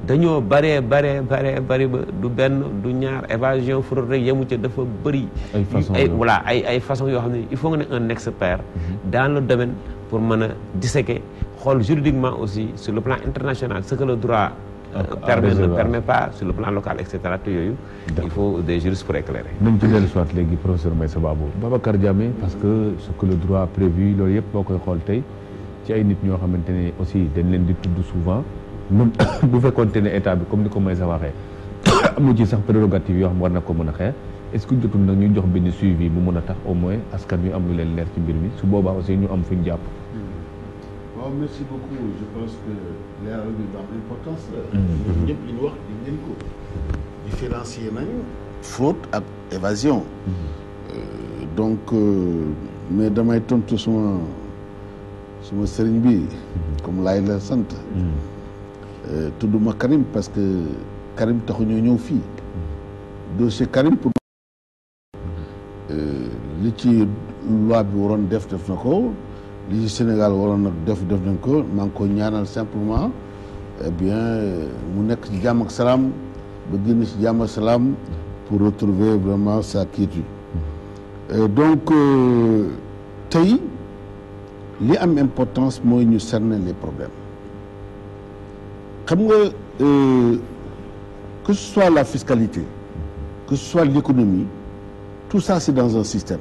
dañoo bëree bëree bëree ba du benn du ñaar évasion fraude rek yemu ca dafa bëri ay voilà ay ay façon yoo xam ne il faut nga ne un expert hmm. dans le domaine pour mën a disséquer xool juridiquement aussi sur le plan international ce que le droit euh, permet ne sur le plan local et cetera yooyu il faut des juristes pour éclairer nañ ci dellu soit léegi professeur Meissa Babou Babacar Diamé parce que ce que le droit prévu loolu boo koy xool tey ci ay nit ñoo xamante ne aussi dañ leen di tudd souvent [coughs] bu fekkoonte ne état bi comme ni ko Meissa waxee [coughs] amu ci sax prérogative yoo xam war na ko mën a xeex est-ce que jotul nag ñu jox benn suivi bu mën a tax au moins askan wi am lu leen leer ci mbir mi su boobaa aussi ñu am fuñ jàpp waaw oh, merci beaucoup je pense que leeral mm. différencier nañu fraude ak évasion. Mm. Euh, donc euh, mais damay tontu suma suma sëriñ bi mm. comme laay la sant. Euh, tudduma Karim parce que Karim taxu ñoo ñëw fii. dossier Karim pour. ci loi bi waroon def def na ko. li Sénégal waroon nag def def nañ ko maa ngi ñaanal simplement eh bien mu nekk ci jàmm salaam ba génn ci jàmm salaam pour retrouver vraiment sa quiétude eh, donc euh, tey li am importance mooy ñu cerner les problèmes xam nga euh, que ce soit la fiscalité que ce soit l'économie tout ça c'est dans un système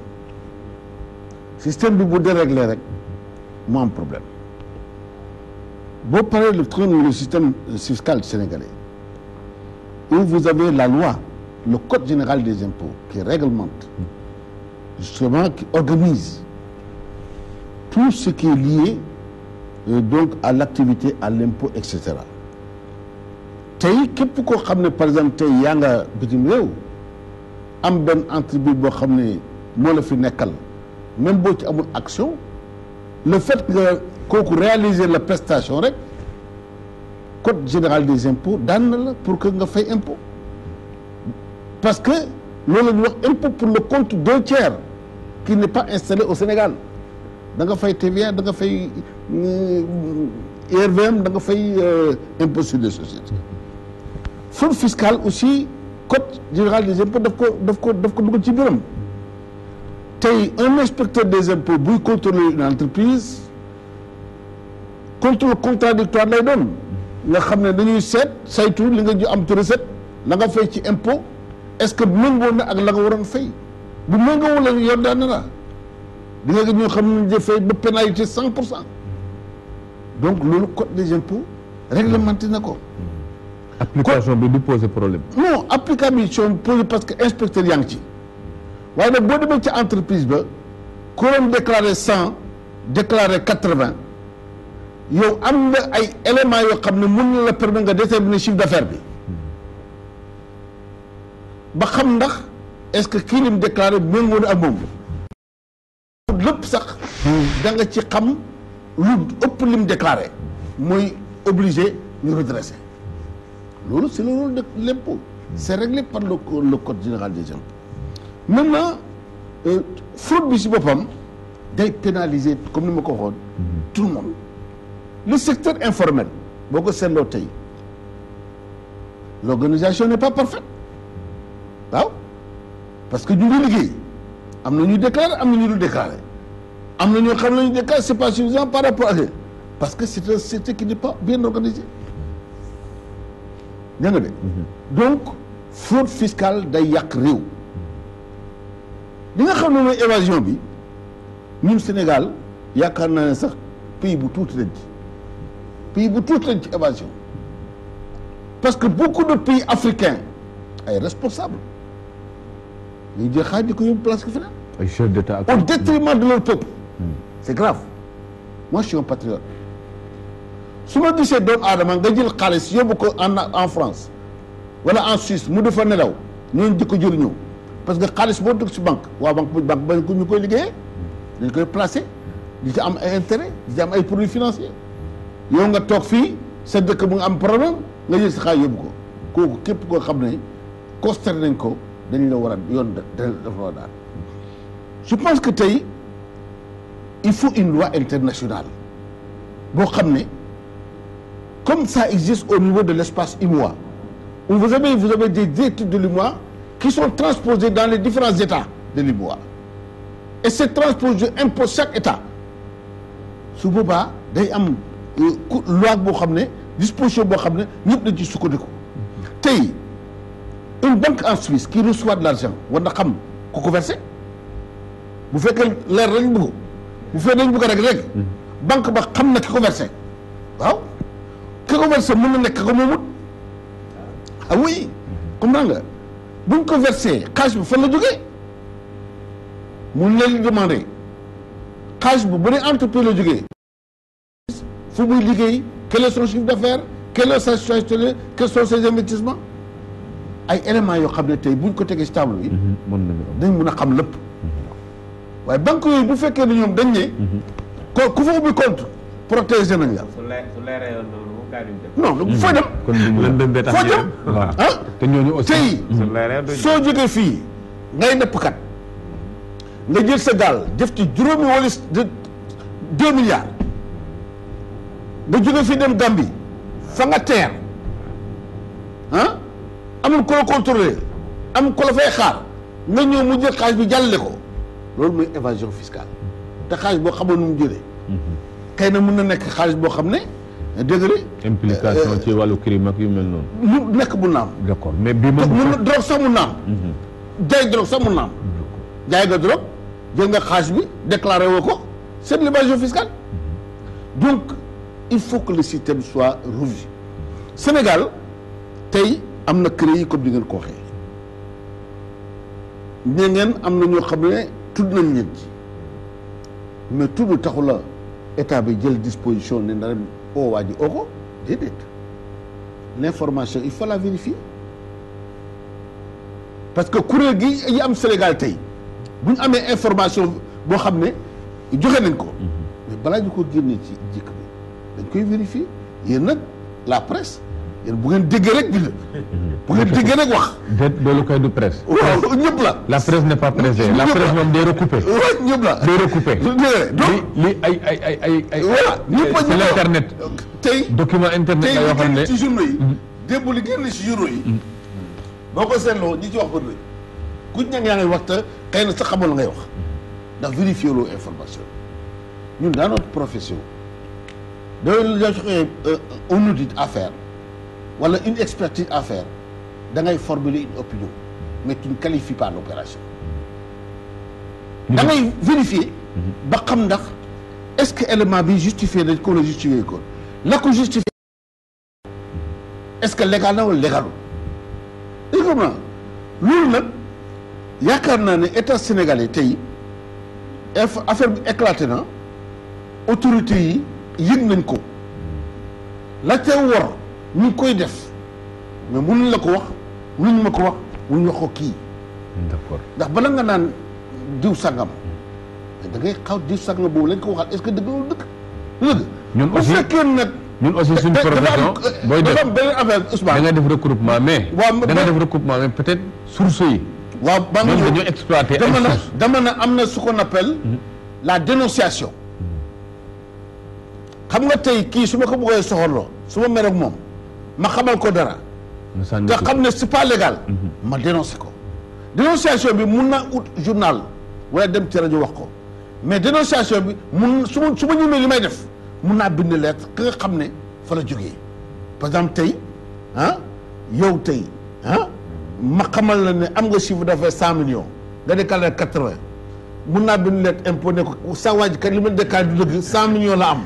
le système bi bu déréglé rek mu am problème boo paree le trône le système fiscal sénégalais où vous avez la loi le code général des impôts qui réglemente justement qui organise tout ce qui est lié euh, donc à l'activité à l'impôt et cetera tey képp koo xam ne par exemple tey yaa nga bitim réew am benn entreprise boo xam ne moo la fi nekkal même boo ci amul action le fait que kooku réaliser la prestation rek code général des impôts daan na la pour que nga fay impôt parce que loolu la ñuy wax impôt pour le compte d'un tiers qui n'est pas installé au Sénégal da nga fay TVA da nga fay IRVM euh, da nga fay euh, impôt sur les sociétés fraude fiscale aussi code général des impôts daf ko daf ko daf ko dugal ci biiram tey un inspecteur des impôts buy contrôler une entreprise contrôle contradictoire lay doon nga xam ne dañuy set saytu li nga ju am ci recette la nga fay ci impôt est-ce que méngoo na ak la nga waroon fay bu méngoo la yor daan na la di nga ñoo xam ne dañuy fay ba pénalité cent pour cent donc loolu code des impôts réglementé na ko. application bi du poser problème. non application bi pose parce que inspecteur yaa ngi ci. waaye nag boo demee ci entreprise ba ku doon déclaré cent déclaré quatre vingt yow am ay éléments yoo xam ne mun na la permettre nga déterminer chiffre d'affaires bi ba xam ndax est-ce que kii lim déclaré méngoo na ak moom lépp sax da nga ci xam lu ëpp lim déclaré mooy obligé ñu redresser loolu c'est le rôle de l'impôt c'est réglé par le le général des impôts maintenant euh, fraude bi si boppam day pénaliser comme ni ma ko tout le monde le secteur informel boo ko seetloo tey l'organisation n'est pas parfaite waaw parce que ñu ngi am na ñu déclaré am na ñu dul am na ñoo xam ne ñu déclaré c'est pas suffisant par rapport ak parce que c'est un secteur qui n'est pas bien organisé ña nga mm-hmm. donc fraude fiscale day yàq réew li nga xam ne mooy évasion bi ñun Sénégal yaakaar naa ne sax pays bu tuuti lañ ci pays bu tuuti lañ ci évasion parce que beaucoup de pays africains ay responsables ñuy jël xaaj di ko yóbbu place ko feneen. ay chefs d'État au détriment de leur peuple. Hmm. c'est grave moi je su ma gisee doomu aadama nga jël xaalis yóbbu ko en en France wala en Suisse mu dafa nelaw ñooñu di ko jël parce que xaalis boo de ci banque waa banque banque ba ñu koy liggéeyee dañu koy placé di ci am ay intérêt di am ay produits financiers yow nga toog fii sa dëkk bu nga am problème nga jël sa xaalis yóbbu ko kooku képp koo xam ne constaté nañ ko dañ la war a yoon dafa je pense que tey il faut une loi internationale boo xam ne comme ça existe au niveau de l'espace IMOA où vous avez vous de l'IMOA qui sont transposées dans les différents États de l'UMOA et ces transpositions impose chaque État su boobaa day am euh, loi boo xam ne disposition boo xam ne ñëpp dañ ci sukkandiku tey une banque en Suisse qui reçoit de l'argent war na xam ku ko versé bu fekkee leer lañ bëgg bu fekkee dañ bëgg rek rek banque ba xam na ki ko versé waaw ki ko versé mën na nekk ko moomut ah oui comprends nga buñ ko versé xaalis bi fan la jógee mun leen demandé xaalis bu bu ne entreprise la jógee fu muy liggéey quel est son chiffre d'affaires quelle est sa situation quels sont ses investissements ay éléments yoo xam ne tey buñ ko tegee ci table bi mhm, dañ mun a xam lépp mhm. waaye banque yooyu bu fekkee ne ñoom dañ ne mhm. ko ku fa ubbi compte protégé nañ la su leeree loolu non foo dem. Hmm. kon foo dem ah. te ñooñu aussi tey hmm. soo jógee fii ngay nappkat nga jël sa gaal def ci juróomi walis de deux milliards nga jógee fii dem Gambie fa nga teer ah amul ko am ko la fay xaar nga ñëw mu jël xaalis bi jàllale ko loolu mooy évasion fiscale te xaalis boo xamoon nu mu jëlee. xëy hmm. na mën na nekk xaalis boo xam ne. dégg nga implication euh, ci wàllu crime ak yu noonu. nekk mun na am. d'accord mais bii moom. drogue sax mun na am. Mhm. jaay drogue sax jaay nga drogue mi nga déclaré woo ko c'est de l'évasion fiscale mhm. donc il faut que le système soit revu Sénégal tey am na CREI comme ni ngeen ko waxee ñe ngeen am na ñoo xam ne tudd nañ leen ci mais tudd taxu la état bi jël disposition ne ndaram oo waa ji oo ko déedéet l'information il faut la vérifier parce que kuréel gi yi am Sénégal tey bu ñu amee information boo xam ne joxe nañ ko mhm. mais balaa ñu ko génnee ci jikk bi dañ koy vérifier yéen nag la presse yéen bu ngeen déggee rek bind. bu ngeen déggee rek wax. déet loolu kay du presse. waaw ñëpp la. la presse n'est pas pressée la presse moom day recoupé. waaw ñëpp la day recoupé. li li ay ay ay ay ay. voilà ñëpp a ñëpp internet. tey document internet la yoo xam ne tey li génn ci journaux yi. Mm. démb li génn ci journaux yi. Mm. boo ko seetloo ñi ci wax bëri ku ñu nag yaa ngay wax te xëy na sax xamoon ngay wax ndax vérifier loo information ñun dans notre profession dañoo jox un euh, audit à faire. wala une expertise à faire da ngay formuler une opinion mais tu ne qualifies pas l'opération da ngay vérifier mhm. ba xam ndax est-ce que élément bi justifié nañ ko la justifié ko la est-ce que légal na wala légalul écomen loolu nag yaakaar naa ne état sénégalais tey affaire bi éclaté na autorité yi yëg nañ ko la ca war ñu koy def mais mënuñ la ko wax mënuñ ma ko wax mënuñ wax ko kii. d'accord ndax bala nga naan diw sangam. da ngay xaw diw sangam boobu lañ ko waxal est-ce que dëgg loolu dëgg. dëgg ñun aussi bu fekkee nag. ñun aussi booy def dafa am benn affaire Ousmane. da nga def recoupement mais. waaw da nga def recoupement mais peut-être source yi. waaw ba nga ñëw dañoo exploité dama na dama na am na su qu'on appelle. Mm-hmm. la dénonciation. Mm-hmm. xam nga tey kii su ma ko bëggee soxorloo su ma mer moom. ma xamal ko dara. te xam ne c'est pas légal. Mm-hmm. ma dénoncé ko. dénonciation bi mun naa ut journal wala dem ci rajo wax ko mais dénonciation bi mun su ma su ma ñemee li may def mun naa bind lettre ka nga xam ne fa la jógee par exemple tey ah yow tey ah ma xamal la ne am nga chiffre d'affaires cent millions nga déclaré quatre-vingt mun naa benn lettre impôt ne ko sa waaj kat li ma déclaré du dëgg cent millions la am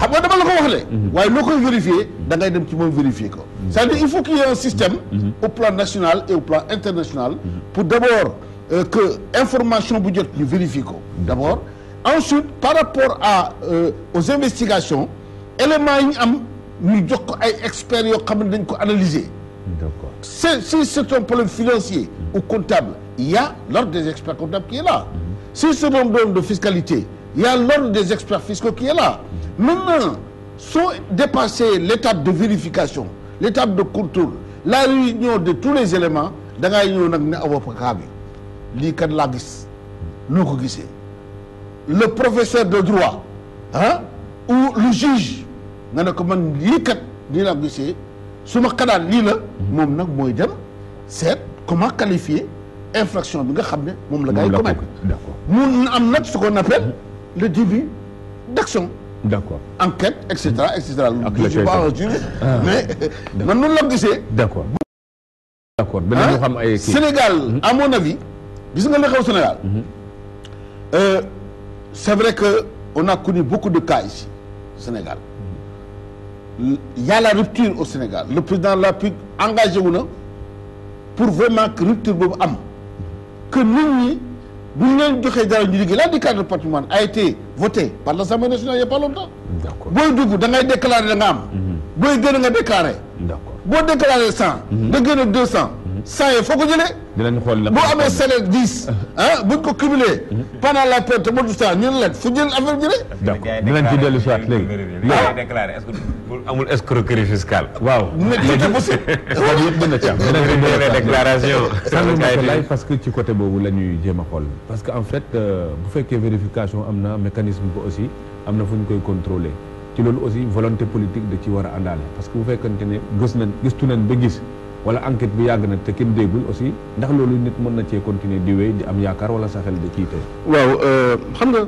xam nga dama la ko wax le waaye loo koy vérifier da ngay dem ci moom vérifier ko c'est-à-dire il faut qu'il y ait un système mhm. au plan national et au plan international pour d'abord euh, que information bu jot ñu vérifier ko d'abord ensuite par rapport à euh, aux investigations éléments yi ñu am ñu jox ko ay experts yoo xam ne dañ ko analyser d'accord c'est si c'est un problème financier ou comptable, il y a l'ordre des experts comptables qui est là. Si c'est un problème de fiscalité, il y des experts fiscaux qui est là. Maintenant, sont dépassé l'étape de vérification, l'étape de contrôle, la réunion de tous les éléments da ngay ñëw nag ne avocat bi lii kat la gis loo ko gisee le professeur de droit ah ou le juge nga ne ko man lii kat lii laa gisee su ma xalaat lii la moom nag mooy dem comment qualifier infraction bi nga xam ne moom la gars yi commettre mun am nag ce qu'on appelle mm-hmm. le début d'action d'accord enquête et cetera et cetera mm-hmm. je suis pas un juriste ah. mais man noonu la gisee d'accord d'accord beneen ñu xam ay Sénégal mm-hmm. à mon avis gis euh, vrai que on a connu beaucoup de cas ici Sénégal il a la rupture au Sénégal le président la République engagé wu na pour vraiment que boobu am que nit ñi bu ñu leen joxee dara ñu liggéey la di cadre a été voté par l'Assemblée nationale il y a pas longtemps d'accord booy dugg da ngay déclarer da nga am mhm. booy génn nga déclaré d'accord boo déclaré cent mhm. nga génn deux cent cent yi foo ko jëlee. dinañ xool la boo amee salaire dix ah buñ ko cumulé. pendant la période te matu temps ñun la fu jël affaire jëlee. d'accord dinañ ci dellu si waat léegi. waaw déclaré est-ce que amul escroquerie fiscale. waaw c'est possible. [laughs] yëpp mën na ci am dinañ déclaration. parce que ci côté boobu la ñuy jéem a xool. parce que en fait euh, bu fekkee vérification am na mécanisme ko aussi am na fu ñu koy contrôler ci loolu aussi volonté politique da ci war a àndaale parce que bu fekkante ne gës nañ gëstu nañ ba gis. wala enquête bi yàgg na te kenn déggul aussi ndax loolu nit mën na cee continuer di wéy di am yaakaar wala sa xel di kii tey waaw euh, xam nga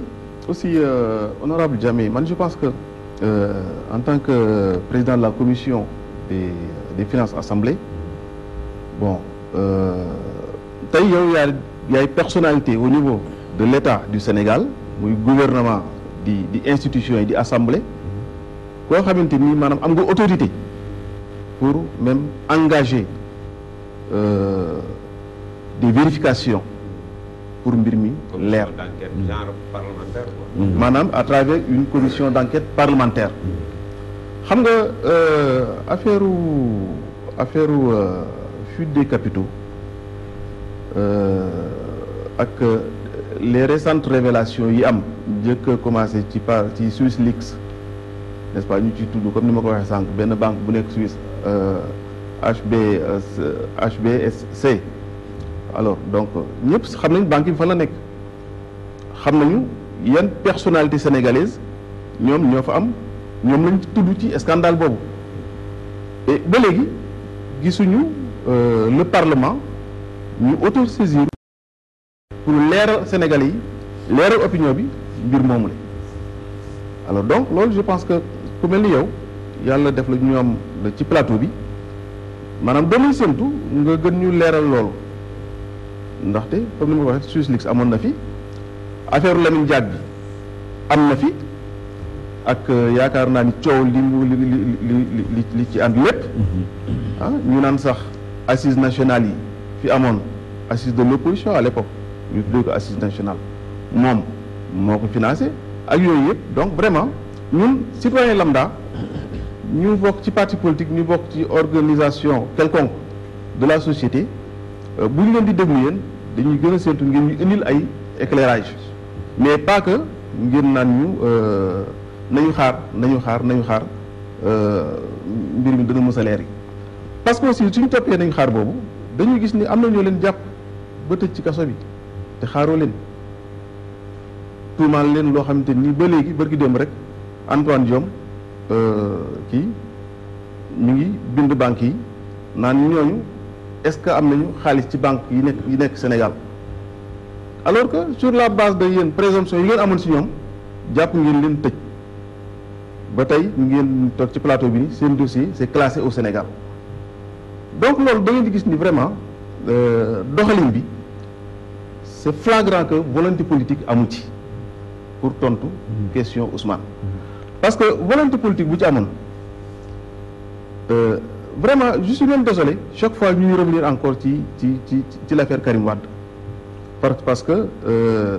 aussi euh, honorable Diame man je pense que euh, en tant que président de la commission des des finances assemblée bon euh, tey yow yaay yaay personnalité au niveau de l'État du Sénégal muy gouvernement di di institution yi di assemblée koo xamante ni maanaam am nga autorité pour même engager euh, des vérifications pour mbir mi leer mm. mm. maanaam à travers une commission d'enquête parlementaire mm. xam nga euh, affaire affaire euh, fuite des capitaux euh, ak les récentes révélations yi am njëkk a ci par ci Swiss Leaks n'est-ce pas ñu ciy tudd comme ni ma ko waxee sànq benn banque bu nekk Suisse HB euh, HBSC euh, alors donc ñëpp xam nañ banque bi fan la nekk xam nañu yan personnalité sénégalaise ñoom ñoo fa am ñoom lañ tudd ci scandale boobu et ba léegi gisuñu euh, le parlement ñu autosaisir pour leeral Sénégalais yi leeral opinion bi mbir moomu la alors donc loolu je pense que ku mel ni yow yàlla def la ñu am ci plateau bi maanaam damay séntu nga gën ñu leeral loolu ndaxte comme ni ma ko waxee Swiss Leaks amoon na fi affaire Lamine Diack bi am na fi ak euh, yaakaar naa ni coow li li li li li ci ànd lépp mm-hmm. ah, ñu naan sax assises nationales yi fi amoon assises de l'opposition à l'époque ñu tuddee ko assises moom moo ko financé ak yooyu yëpp donc vraiment ñun citoyen lambda ñu bokk ci parti politique ñu bokk ci organisation quelconque de la société euh, bu leen di déglu yéen dañuy gën a séntu ngeen ñu indil ay éclairage mais pas que ngeen naan ñu euh, nañu xaar nañu xaar nañu xaar euh, mbir mi dana mës a leer yi parce que aussi suñu toppee nañu xaar boobu dañuy gis ni am na ñoo leen jàpp ba tëj ci kaso bi te xaaroo leen tuumaal leen loo xamante ni ba léegi barki démb rek Antoine Diome Euh, kii ñu ngi bind banques yi naan ñooñu est-ce que am nañu xaalis ci banque yi nekk yi nekk Sénégal alors que sur la base de yéen présomption yi ngeen amoon si ñoom jàpp ngeen leen tëj ba tey ngeen toog ci plateau bi ni seen dossier c'est classé au Sénégal donc loolu da di gis ni vraiment euh, doxalin bi c'est flagrant que volonté politique amu ci pour tontu mm-hmm. question Ousmane mm-hmm. parce que volonté politique bu ci amoon euh, vraiment je suis même désolé chaque fois ñu ñuy revenir encore ci ci ci ci l'affaire Karim Wade parce que euh,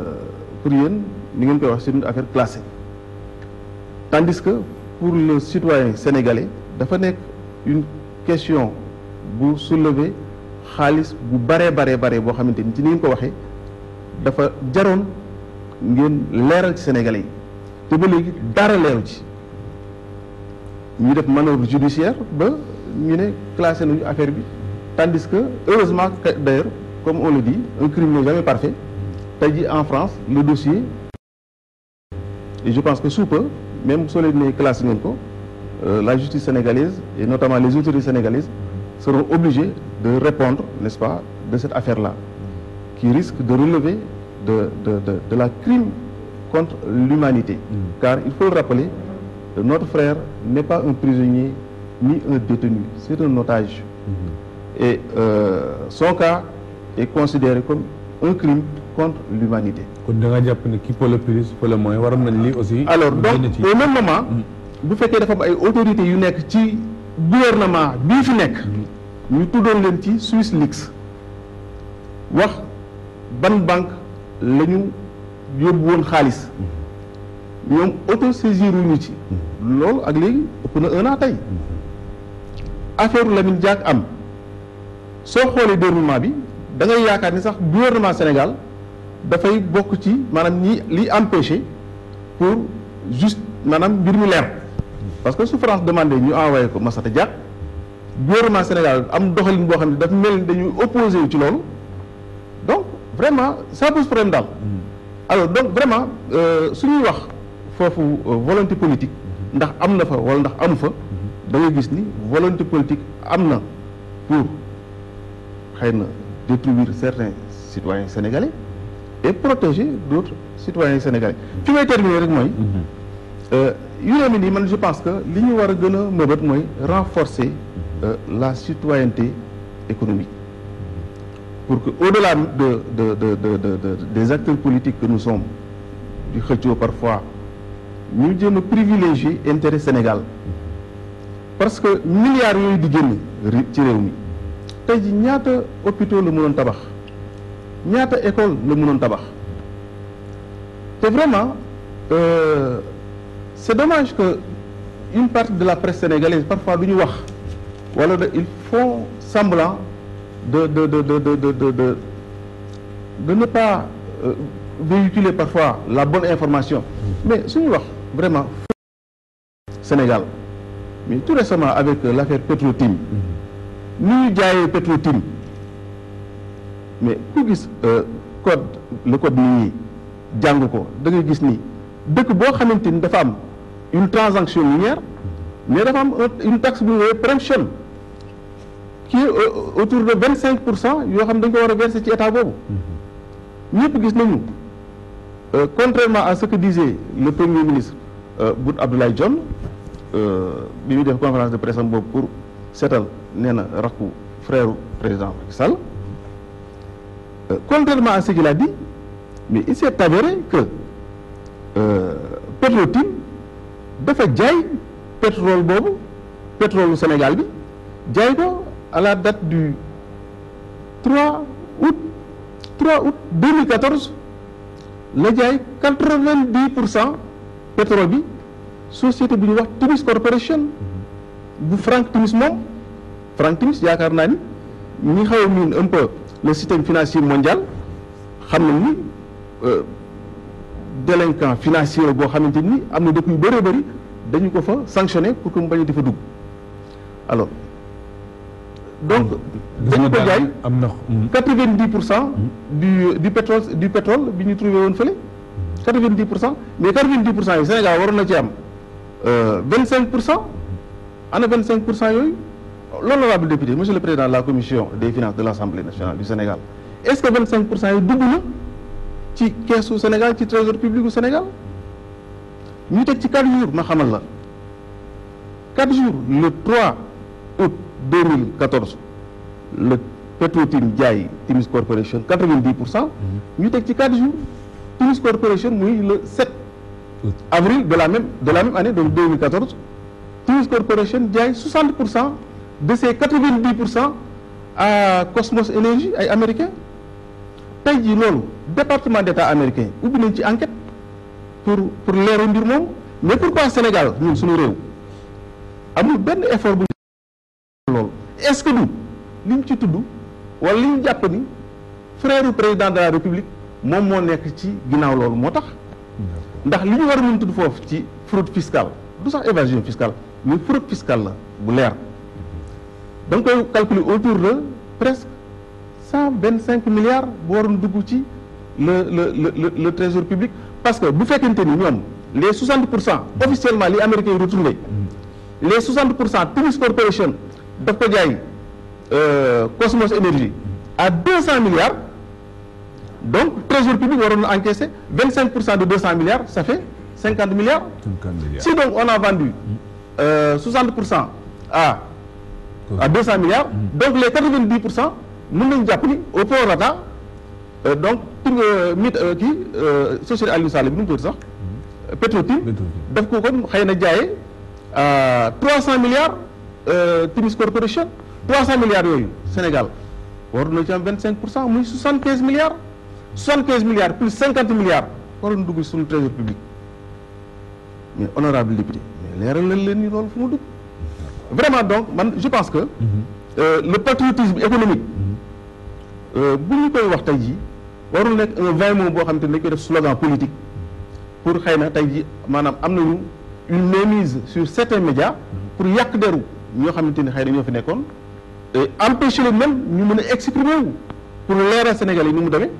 pour yéen ni ngeen koy wax c'est une affaire classée tandis que pour le citoyen sénégalais dafa nekk une question bu soulever xaalis bu baree baree baree boo xamante ni ci ni ngeen ko waxee dafa jaroon ngeen leeral ci sénégalais yi te ba léegi dara leeru ci ñu def manœuvre judiciaire ba ñu ne classé nañu affaire bi tandis que heureusement que d'ailleurs comme on le dit un crime n'est jamais parfait tey en France le dossier et je pense que sous peu même soo leen ne classé ngeen euh, la justice sénégalaise et notamment les autorités sénégalaises seront obligées de répondre nest pas de cette affaire-là qui risque de relever de de de de la crime contre l'humanité mm. car il faut le rappeler notre frère n'est pas un prisonnier ni un détenu c'est un otage mm-hmm. et euh, son cas est considéré comme un crime contre l'humanité kon da nga jàpp ne qui peut le plus peut le moins waroon nañ lii aussi alors donc au même moment mm. bu fekkee dafa am ay autorités yu nekk ci gouvernement bii fi nekk mm. ñu tuddoon leen ci Swiss Leaks wax ban banque la yóbbu woon xaalis ñoom autosaisir wu ñu ci loolu ak léegi ëpp na un an tey affaire Lamine Diack am soo xoolee déroulement bi da ngay yaakaar ni sax gouvernement Sénégal dafay bokk ci maanaam ñi li empêché pour juste maanaam mbir mu leer parce que su France demandé ñu envoyé ko Massata Diack gouvernement Sénégal am doxalin boo xam ne daf mel ni dañuy opposé wu ci loolu donc vraiment ça pose daal alors donc vraiment euh, su ñuy wax foofu euh, volonté politique ndax am na fa wala ndax amu fa da gis ni volonté politique am na pour xëy na détruire certains citoyens sénégalais et protéger d'autres citoyens sénégalais fi may terminer rek mooy mhm. euh, yu ne nii man je pense que li ñu war a gën a mëbët mooy renforcer la citoyenneté économique pour que au-delà de de de de des acteurs politiques que nous sommes di xëccoo parfois ñu jéem a privilégier intérêt Sénégal parce que milliards yooyu di génn ci réew mi tey ji ñaata hôpitaux la mënoon tabax ñaata école la mënoon tabax te vraiment euh, c'est dommage que une partie de la presse sénégalaise parfois du ñu wax wala de ils font semblant de de de de de de de de de ne pas euh, véhiculer parfois la bonne information mais suñu wax vraiment Sénégal mais tout récemment avec euh, l'affaire Petro-Tim ni ñu jaayee Petro-Tim mais ku gis euh, code le code nit jàng ko da gis ni dëkk boo xamante ni dafa am une transaction minière mais dafa am une taxe bu ñu woowee qui est euh, autour de vingt cinq pour cent yoo xam dañ ko war a verser ci état boobu ñëpp gis nañu euh, contrairement à ce que disait le premier ministre euh, Boun Abdoulaye Dionne bi muy def conférence de presse am boobu pour seetal nee na rakku frère président Macky Sall contrairement à ce qu'il a dit mais il s'est avéré que Petrotim dafa jaay pétrole boobu pétrole Sénégal bi jaay ko à la date du 3 août 3 août 2014 la jaay 90 pour cent pétrole bi société bi ñuy wax Timis Corporation bu Frank Timis moom Frank Timis yaakaar naa ni ñi xaw a miin un peu le système financier mondial xam nañ ni euh, délinquant financier la boo xamante ni am na dëkk yu bëree bëri dañu ko fa sanctionné pour que mu bañ a di fa dugg alors donc dañu ko jaay am na quatre-vingt-dix pour cent hmm. du du pétrole du pétrole bi ñu trouvé woon fële hmm. quatre-vingt-dix mais quatre-vingt-dix pour Sénégal waroon na ci am euh, vingt-cinq pour cent ana vingt-cinq pour cent yooyu l'honorable député monsieur le président de la commission des finances de l'Assemblée nationale du Sénégal est-ce que vingt-cinq pour cent yi dugg na Sénégal ci trésor public bu Sénégal ñu teg ci quatre jours ma xamal la quatre jours le 3 août 2014 le Petro-Tim jaay Timis Corporation 90 pour cent. ñu teg ci 4 jours Timis Corporation muy le 7 avril de la même de la même année donc 2014 Timis Corporation jaay 60 pour cent de ces 90 pour cent à Cosmos Energy ay américains tey jii loolu département d'État américain ubbi nañ ci enquête pour pour leer mbir moom mais pourquoi Sénégal ñun suñu réew amul benn effort loolu est-ce que du liñ ci tudd wala li ñu jàpp ni frère président de la république moom moo nekk ci ginnaaw loolu moo tax ndax li ñu war tudd foofu ci fraude fiscale du sax évasion fiscale mais fraude fiscale la bu leer da nga koy calculer autour de presque cent vingt cinq milliards bu waroon dugg ci le le le le trésor public parce que bu fekkente ni ñoom les 60 pour cent officiellement li américains yi retrouvé les 60 pour cent tourist corporation daf ko jaay Cosmos Énergie à deux cent milliards donc trésor public waroon na encaisser cinq pour cent de deux cent milliards ça cinquante milliards. milliards si donc on a vendu euh, soixante pour cent à à deux cent milliards. Mm. donc les quatre vingt pour cent mën nañu jàpp ni au prorata euh, donc pour euh, mit euh, kii société Aliou Sall bi nu mu tudd sax. Mm. petro daf ko kon xëy na jaayee à trois cent milliards. Euh, Timis Corporation 300 milliards yooyu Sénégal waroon na ci am vingt cinq pour cent muy 75 milliards 75 milliards plus cinquante milliards waroon dugg suñu trésor public mais honorable député mais leeral nañ leen ni loolu fu mu dugg vraiment donc man je pense que mm-hmm. euh, le patriotisme économique mm-hmm. euh, bu ñu koy wax tey jii warul nekk un vingt mots boo xam te ne dañ koy def slogan politique pour xëy na tey jii maanaam am nañu une mainmise sur certains médias mm-hmm. pour yàq deru ñoo xamante ni xëy na ñoo fi nekkoon empêché même ñu mën a exprimer wu pour leeral Sénégal yi ni mu demee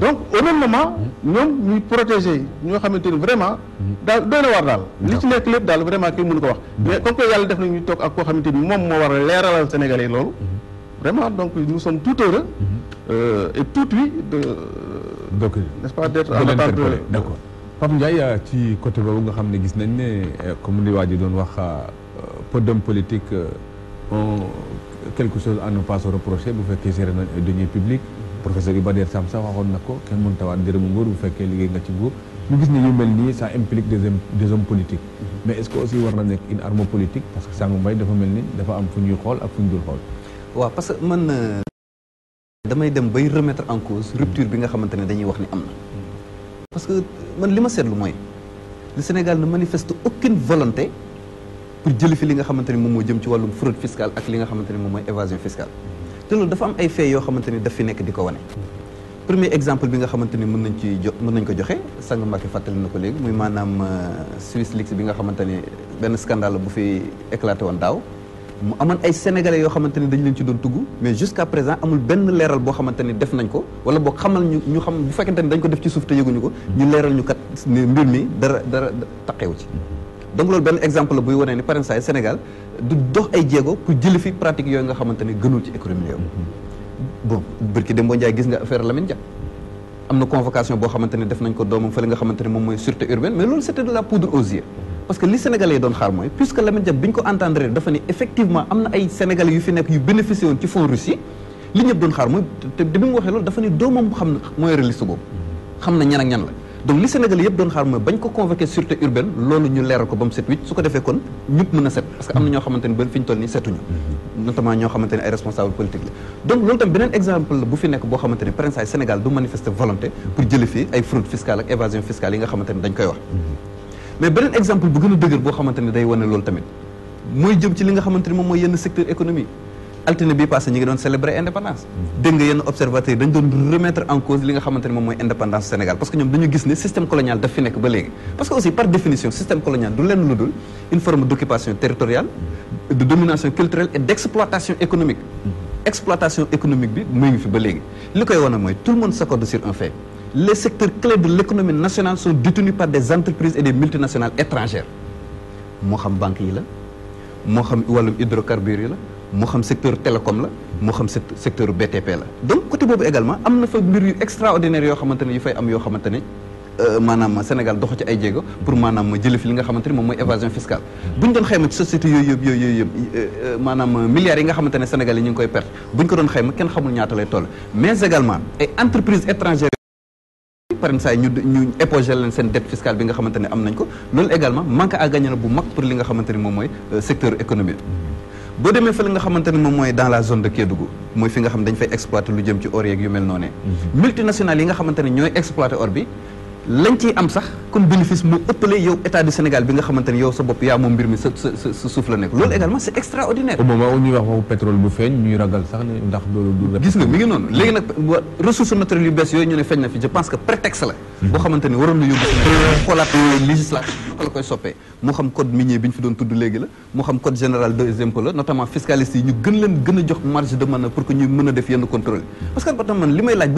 donc au même moment mmh. ñoom ñuy protéger ñoo xamante ni vraiment mmh. daal doy na daal li ci nekk lépp daal vraiment kenn mënu ko wax mais comme que yàlla def na ñu toog ak koo xamante ni moom moo war a leeralal Sénégal yi loolu mmh. vraiment donc nous sommes tout heureux euh, et tout oui de donc n'est-ce pas d'être en attente d'accord Pape Ndiaye euh, ci côté boobu nga xam ne gis nañ ne euh, comme li waa doon wax euh, pour d'hommes politiques euh, ont quelque chose à ne pas se bu fekkee géré nañ ay deniers publics professeur Iba Der Thiam waxoon na ko ken mënut a waat dërëmu nguur bu fekkee liggéey nga ci nguur ñu gis ne yu mel nii ça implique des des hommes politiques mais est-ce que aussi war na nekk une arme politique parce que Sango Mbaye dafa mel ni dafa am fu ñuy xool ak fu ñu dul xool waaw parce que man euh, damay dem bay remettre en cause rupture bi nga xamante ne dañuy wax ni am na parce que man li ma seetlu mooy le Sénégal ne manifeste aucune pour jëli fi li nga xamante ni moom moo jëm ci wàllum fraude ak li nga xamante ni moom mooy évasion fiscale te loolu dafa am ay faits yoo xamante ni daf fi nekk di ko wane premier exemple bi nga xamante ni mën nañ ci jo mën nañ ko joxe sang Mbacke fàttali na ko léegi muy maanaam euh, Swiss Leaks bi nga xamante ni benn scandale bu fi éclaté woon daaw mu amoon ay sénégalais yoo xamante ni dañ leen ci doon tugg mais jusqu'à présent amul benn leeral boo xamante ni def nañ ko wala boo xamal ñu ñu xam bu fekkente ni dañ ko def ci suuf te yëguñu ko ñu leeral ñu kat mbir mi dara dara taqewu ci donc loolu benn exemple la buy wane ni par exemple Sénégal du dox ay jéego pour jëli fi pratique yooyu nga xamante ne gënul ci économie yooyu bon bërki Demba Ndiaye gis nga affaire Lamine Dia am na convocation boo xamante ne def nañ ko doomam fële nga xamante ne moom mooy sûreté urbaine mais loolu c'était de la poudre aux yeux parce que li sénégalais yi doon xaar mooy puisque Lamine Dia bi ñu ko entendre dafa ne effectivement am na ay sénégalais yu fi nekk yu bénéficié la donc li Sénégal yëpp doon xaar loolu ñu a set parce mm-hmm. beneen exemple bu fi nekk boo xamante prince ay Sénégal du manifester volonté pour jële fii ay fraude fiscale ak évasion fiscale yi nga xamante dañ koy wax mm-hmm. mais beneen exemple bu gën a dëgër boo xamante ne day wane loolu tamit mooy jëm ci li nga xamante ne moom mooy yenn secteur économique altine bi passé ñu ngi doon célébrer indépendance dégg nga yenn observateurs yi dañ doon remettre en cause li nga xamante ne moom mooy indépendance Sénégal parce que ñoom dañu gis ne système colonial daf fi nekk ba léegi parce que aussi par définition système colonial du lenn lu dul une d'occupation territoriale de domination culturelle et d'exploitation économique exploitation économique bi mu ngi fi ba léegi li koy wane mooy tout le monde s'accorde sur un fait les secteurs clés de l'économie nationale sont détenus xam banques yi la moo xam wàllum hydrocarbures yi la moo xam secteur télécom la moo xam secteur BTP la donc côté boobu également am na fa mbir yu extraordinaire yoo xamante ne yu fay am yoo xamante ne euh, maanaam Sénégal dox ci ay jéego pour maanaam jëlee fi li nga xamante ne moom mooy évasion fiscale buñ doon xayma ci société yooyu yëpp yooyu yëpp euh, euh, maanaam milliards yi nga xamante ne Sénégal yi ñu ngi koy perte buñ ko doon ma kenn xamul ñaata lay toll mais également ay entreprises étrangères parrain saa ñu ñu éponger leen seen dette fiscale bi nga xamante ne am nañ ko loolu également manque à bu mag pour li nga xamante ne moom mooy secteur économique boo demee fële nga xamante ne moom mooy dans la zone de Kédougou mooy fi nga xam dañ fay exploiter lu jëm ci or yeeg yu mel noonu. Mhm. multinationales yi nga xamante ne ñooy exploiter or bi. lañ ciy am sax comme bénéfice moo ëppale yow état du Sénégal bi nga xamante ne yow sa bopp yaa moom mbir mi sa sa sa suuf la nekk loolu également c'est extraordinaire. au moment où ñuy wax waxu pétrole bu feeñ ñuy ragal sax ne ndax loolu du. gis nga mi ngi noonu léegi nag ressources naturelles yu bees yooyu ñu ne feeñ na fi je que prétexte la. boo xamante ni waroon na yóbbu Sénégal xoolaat législation naka la koy soppee moo xam code minier bi ñu fi doon tudd léegi la moo xam code général des impôts leen gën a jox marge de manœuvre pour que a def yenn contrôle parce que ba tam man li may laaj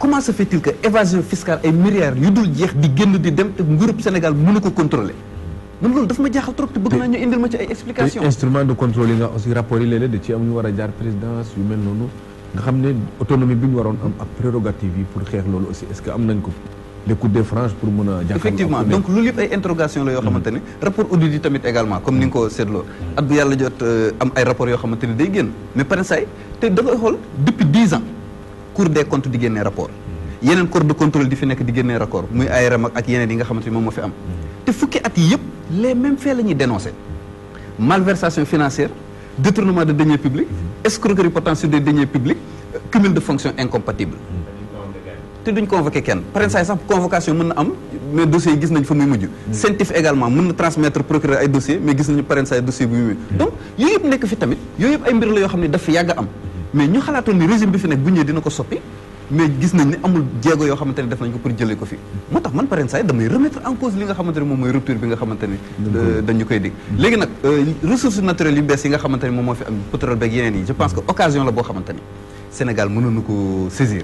comment se fait-il que évasion fiscale ay milliards yu dul jeex di génn di dem te nguurub Sénégal mënu ko contrôler man loolu dafa ma jaaxal trop te bëgg naa ñu indil ma ci ay explication instrument de contrôle nga a jaar présidence xam ne autonomie bi waroon am ak prérogative yi pour xeex loolu aussi est-ce que am nañ ko les coups de frange pour mën a effectivement donc loolu yëpp ay interrogation la yoo hmm. xamante ne rapport audit yi tamit également euh, xamante ne da ngay xool depuis dix cour des comptes di génnee rapport yeneen corps de contrôle di fi nekk di génnee rapport muy ARM ak yeneen yi nga xamante moom moo fi am te fukki at yi yëpp les mêmes faits la ñuy dénoncé malversation financière détournement de deniers publics escroquerie potentielle des deniers publics cumul de fonctions incompatibles te duñ convoqué kenn parrain sax convocation mën na am mais dossiers gis nañ fa muy mujj CENTIF également mën na transmettre procureur ay dossiers mais gis nañu yoo xam ne dafa yàgg am mais ñu xalaatoon ni régime bi fi nekk bu ñëwee dina ko soppi mais gis nañ ne amul jéego yoo xamante ne def nañ ko pour jëlee ko fi moo tax man paren saa yi damay remettre en cause li nga xamante ne moom mooy rupture bi nga xamante ne euh, euh, moo fi am pétrole beeg yeneen yi je pense que occasion la boo xamante Sénégal mënoon ko saisir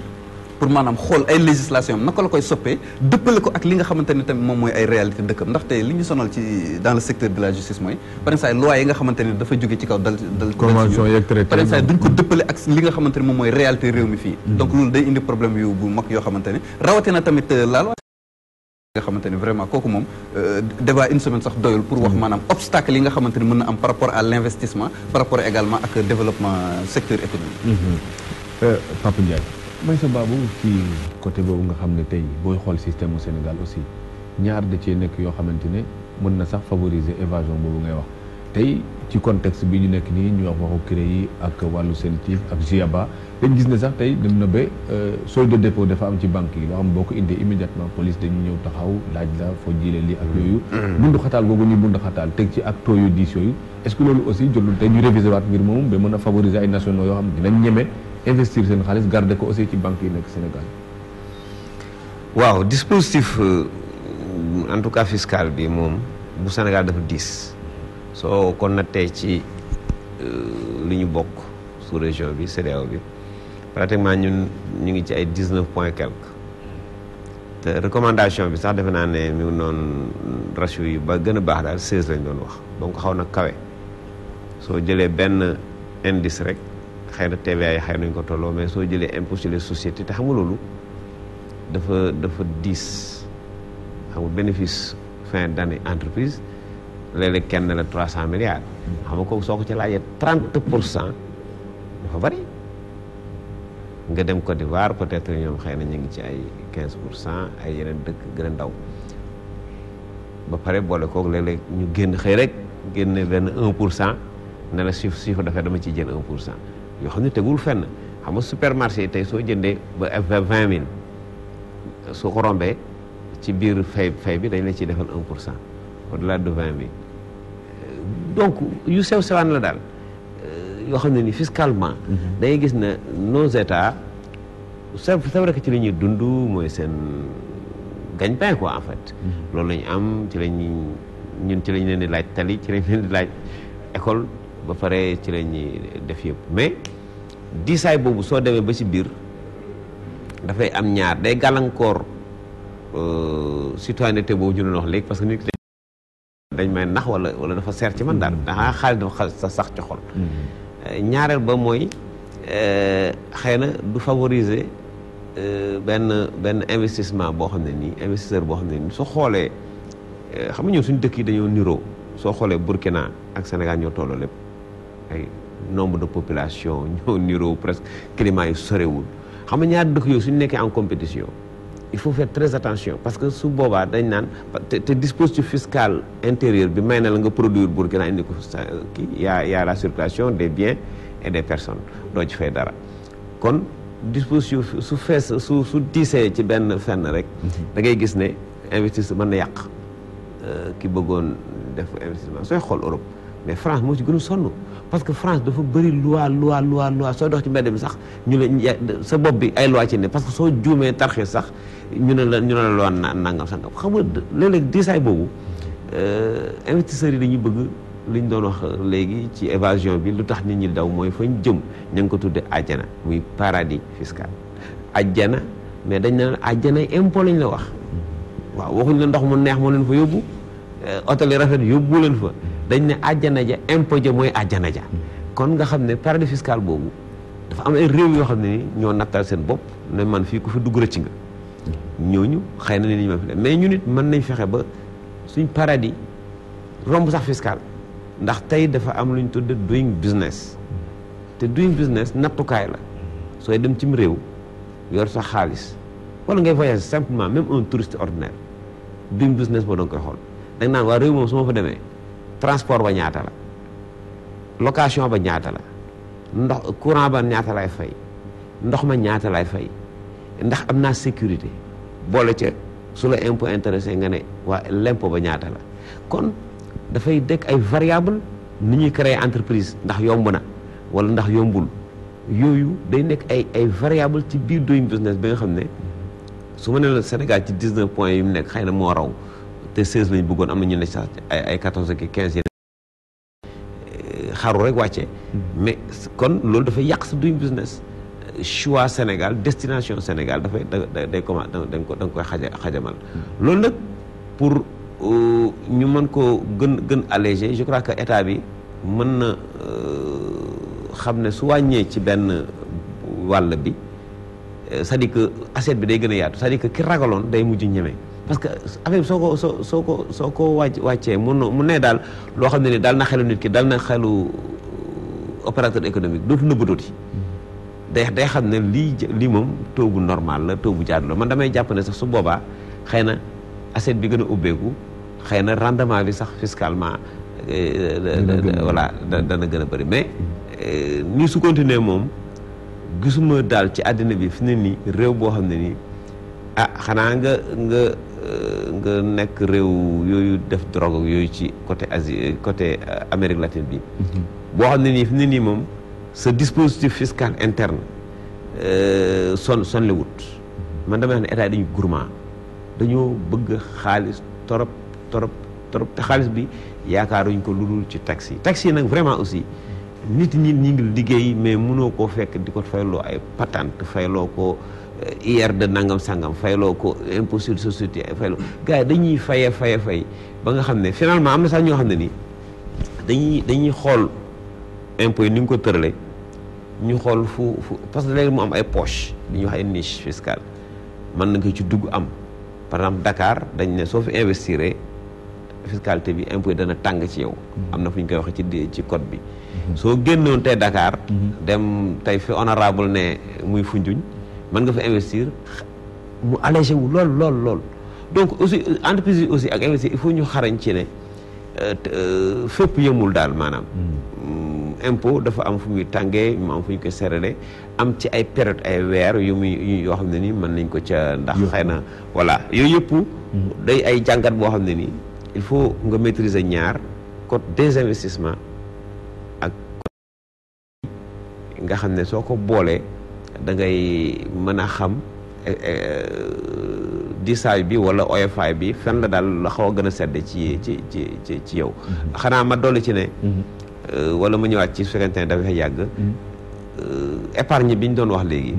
pour maanaam xool ay législation am naka la koy soppee dëppale ko ak li nga xamante ne tamit moom mooy ay réalité dëkkam ndaxte li ñu sonal ci dans le secteur de la justice mooy par exemple loi yi nga xamante ne dafa jóge ci kaw dal dal convention yeeg traité par duñ ko dëppale ak li nga xamante ne moom mooy réalité réew mi fii mm-hmm. donc loolu day indi problème yu bu mag yoo xamante ne rawatina tamit euh, la loi nga xamante ne vraiment kooku moom euh, débat une semaine sax doyul pour wax mm-hmm. maanaam obstacle yi nga xamante ne mën na am par rapport à l'investissement par rapport également ak développement secteur économique mm-hmm. euh, may sa baabu ci côté boobu nga xam ne tey booy xool système au Sénégal aussi ñaar da cee nekk yoo xamante ne mën na sax favoriser évasion boobu ngay wax tey ci contexte bi ñu nekk nii ñu wax waxu CREI yi ak wàllu Sentif ak GIABA dañ gis ne sax tey dem na ba euh, solde de dépôt dafa am ci banque yi loo xam boo ko indee immédiatement police dañu ñëw taxaw laaj la foo jiile lii ak yooyu mm-hmm. bundu xataal googu ñuy bundu xataal teg ci ak taux yu diis yooyu est-ce moom ba a favoriser ay nationaux yoo xam dinañ ñeme investir seen xaalis garder ko aussi ci banque yi nekk Sénégal. waaw dispositif euh, en tout cas fiscal bi moom bu Sénégal dafa diis soo kon na tey ci euh, lu ñu bokk sous région bi CEDEAO bi pratiquement ñun ñu ngi ci ay dix neuf point quelque. te recommandation bi sax defe naa ne mi noon ratio yu ba gën a baax daal seize lañ doon wax donc xaw na kawe soo jëlee benn indice rek xëy na TVA yi xëy nañ ko tolloo mais soo jëlee impôt sur les sociétés te xam nga loolu dafa dafa diis xam bénéfice fin d'année entreprise léeg-léeg kenn la trois cent milliards xam nga ko soo ko ci laajee trente pour cent dafa bari nga dem Côte d'Ivoire peut-être ñoom xëy na ñu ngi ci ay quinze pour cent ay yeneen dëkk gën a ndaw ba pare boole koog léeg-léeg ñu génn xëy rek génne benn un pour cent ne la chiffre chiffre dafa dama ci jën un pour cent yoo xam ne tegul fenn xam nga supermarché yi tey soo jëndee ba vingt mille soo ko rombee ci biir fay fay bi dañ la ciy defal un pour cent au delà de vingt mille donc yu sew sewaan la daal euh, yoo xam ne ni fiscalement mhm. dangay gis ne nos états c'est vrai ci la ñuy dund mooy seen gagne-pain ko en fait mhm. loolu lañu am ci lañuy ñun ci lañ leen di laaj tali ci lañ leen di laaj école ba pare ci la ñuy def yëpp mais diisaay boobu soo demee ba ci biir dafay am ñaar day gàllankoor euh, citoyenneté boobu ñu doon wax léegi parce que nit ki dañ may nax wala wala dafa seer ci man daal daxaa mm-hmm. xaalis dafa sa sax ci xol mm-hmm. euh, ñaareel ba mooy euh, xëy na du favoriser benn benn investissement boo xam ne nii investisseur boo xam ne nii soo xoolee xam nga suñ dëkk yi dañoo niroo soo xoolee Burkina ak Sénégal ñoo tolloo lépp ay nombre de population [laughs] ñoo niroo presque climat yi sorewul xam nga ñaari dëkk yooyu suñu nekkee en compétition il faut faire très attention parce que su boobaa dañ naan te dispositif fiscal intérieur bi may na la nga produire Burkina indi ko kii yaa yaa la circulation des bien et des personnes doo ci fay dara kon dispositif su fees su su diisee ci benn fenn rek mhm. da ngay gis ne investisseur mën na yàq euh, ki bëggoon def investissement sooy xool Europe mais France moo ci parce que France dafa bëri loi loi loi loi soo dox ci mbedd mi sax ñu la sa bopp bi ay loi ci parce que soo juumee tarxi sax ñu ne la ñu ne la loi na nangam sangam xam nga léeg-léeg diisaay boobu euh, investisseurs yi dañuy bëgg li doon wax léegi ci évasion bi lu tax nit ñi daw mooy fañ jëm ña ngi ko tudde àjjana muy paradis fiscal àjjana mais dañ ne àjjana impôt lañ la wax waaw waxuñ la ndox mu neex moo leen fa yóbbu euh, hôtel yi rafet yóbbu leen fa dañ ne àjjana ja impôt ja mooy àjjana ja kon nga xam ne paradis fiscal boobu dafa am ay réew yoo xam ne ni ñoo nattal seen bopp ne man fii ku fi dugg rëcc nga ñooñu xëy na ne ni ma fi mais ñun it mën nañ fexe ba suñ paradis romb sax fiscal ndax tey dafa am lu ñu tudde doing business te doing business nattukaay la sooy dem cim réew yor sax xaalis wala ngay voyage simplement même un touriste ordinaire doing business moo doon koy xool da nga naan waa réew moom su ma fa demee transport ba ñaata la location ba ñaata la ndox courant ba ñaata lay fay ndox ma ñaata lay fay ndax am naa sécurité boole ci su la impôt intéressé nga ne waa l'impôt ba ñaata la kon dafay dekk ay variable ni ñuy créer entreprise ndax yomb na wala ndax yombul yooyu day nekk ay ay variable ci biir doing business ba nga xam ne su ma ne la Sénégal ci 19 point yu mu nekk xëy na moo raw te 16 lañ bëggoon am na ñu ne sax ay ay 14 ak 15 yi xaru rek wàcce mm-hmm. mais kon loolu dafay yàq sa duñ business choix Sénégal destination Sénégal dafay day commencé da nga koy xaja xajamal mm-hmm. loolu nag pour euh, ñu mën ko gën gën alléger je crois que état bi mën na euh, xam ne su wàññee ci benn wàll bi euh, c'est-à-dire que assiette bi day gën a yaatu cest à ki ragaloon day mujj ñeme parce que affaire soo ko soo soo ko soo ko wàcc wàccee mun na mun ne daal loo xam ne ni daal na xelu nit ki daal na xelu uh, opérateur économique dootu nëbbatooti day day xam ne lii lii moom taux bu normal la taux bu jaadu la man damay jàpp ne sax su boobaa xëy na assiette bi gën a ubbeeku xëy na rendement bi sax fiscalement eh, eh, voilà dana gën a bëri mais eh, ni su continuer moom gisuma daal ci àddina bi fi ne nii réew boo xam ne nii ah xanaa nga nga nga nekk réew yooyu def drogue yooyu ci côté Asie côté euh, Amérique latine bi. Mhm. boo xam ne nii fi ne nii moom sa dispositif fiscal interne euh, son sonle wut mhm. man damay wax ne état yi dañu gourmand dañoo bëgg xaalis torop torop torop te xaalis bi yaakaaruñ ko lu dul ci taxi yi taxi yi nag vraiment aussi nit ñi ñi ngi liggéey mais mënoo koo fekk di ko fayloo ay patente fayloo ko Euh, IR de nangam sangam fayloo ko impôt sur société fayloo gars yi dañuy faye faye fay ba nga xam ne finalement am na sax ñoo xam ne nii dañuy dañuy xool impôt ni nga ko tëralee ñu xool fu fu parce que léegi mu am ay poche li ñuy wax ay niche fiscale mën na ko ci dugg am par exemple dakaar dañ ne soo fi investir fiscalité bi impôt dana tàng ci yow. Mhm. am na fu ñu koy waxee ci ci code bi. Mhm. soo génnoon tey dakaar mhm. dem tey fi honorable ne muy Foundiougne. mën nga fa investir mu allégé wu lool lool lool donc aussi entreprise yi aussi ak investir il faut ñu xarañ ci ne euh, euh, fépp yëmul daal maanaam hmm. impo dafa am fu muy tàngee mu am fu ñu ko serale am ci ay période ay weer yu muy yoo xam ne nii mën nañ ko ca ndax xëy na voilà yooyu yëpp hmm. day ay jàngat boo xam ne nii il faut nga maîtriser ñaar code des investissements ak nga xam ne soo ko boolee da ngay mën a xam eh, eh, disaay bi wala oyofaay bi fen la daal la xaw a gën a sedd ci ci ci ci yow. Mhm. xanaa ma dolli ci ne. Mhm. Euh, wala ma ñëwaat ci su fekkente ne dafay yàgg. Mhm. Euh, épargne bi ñu doon wax léegi.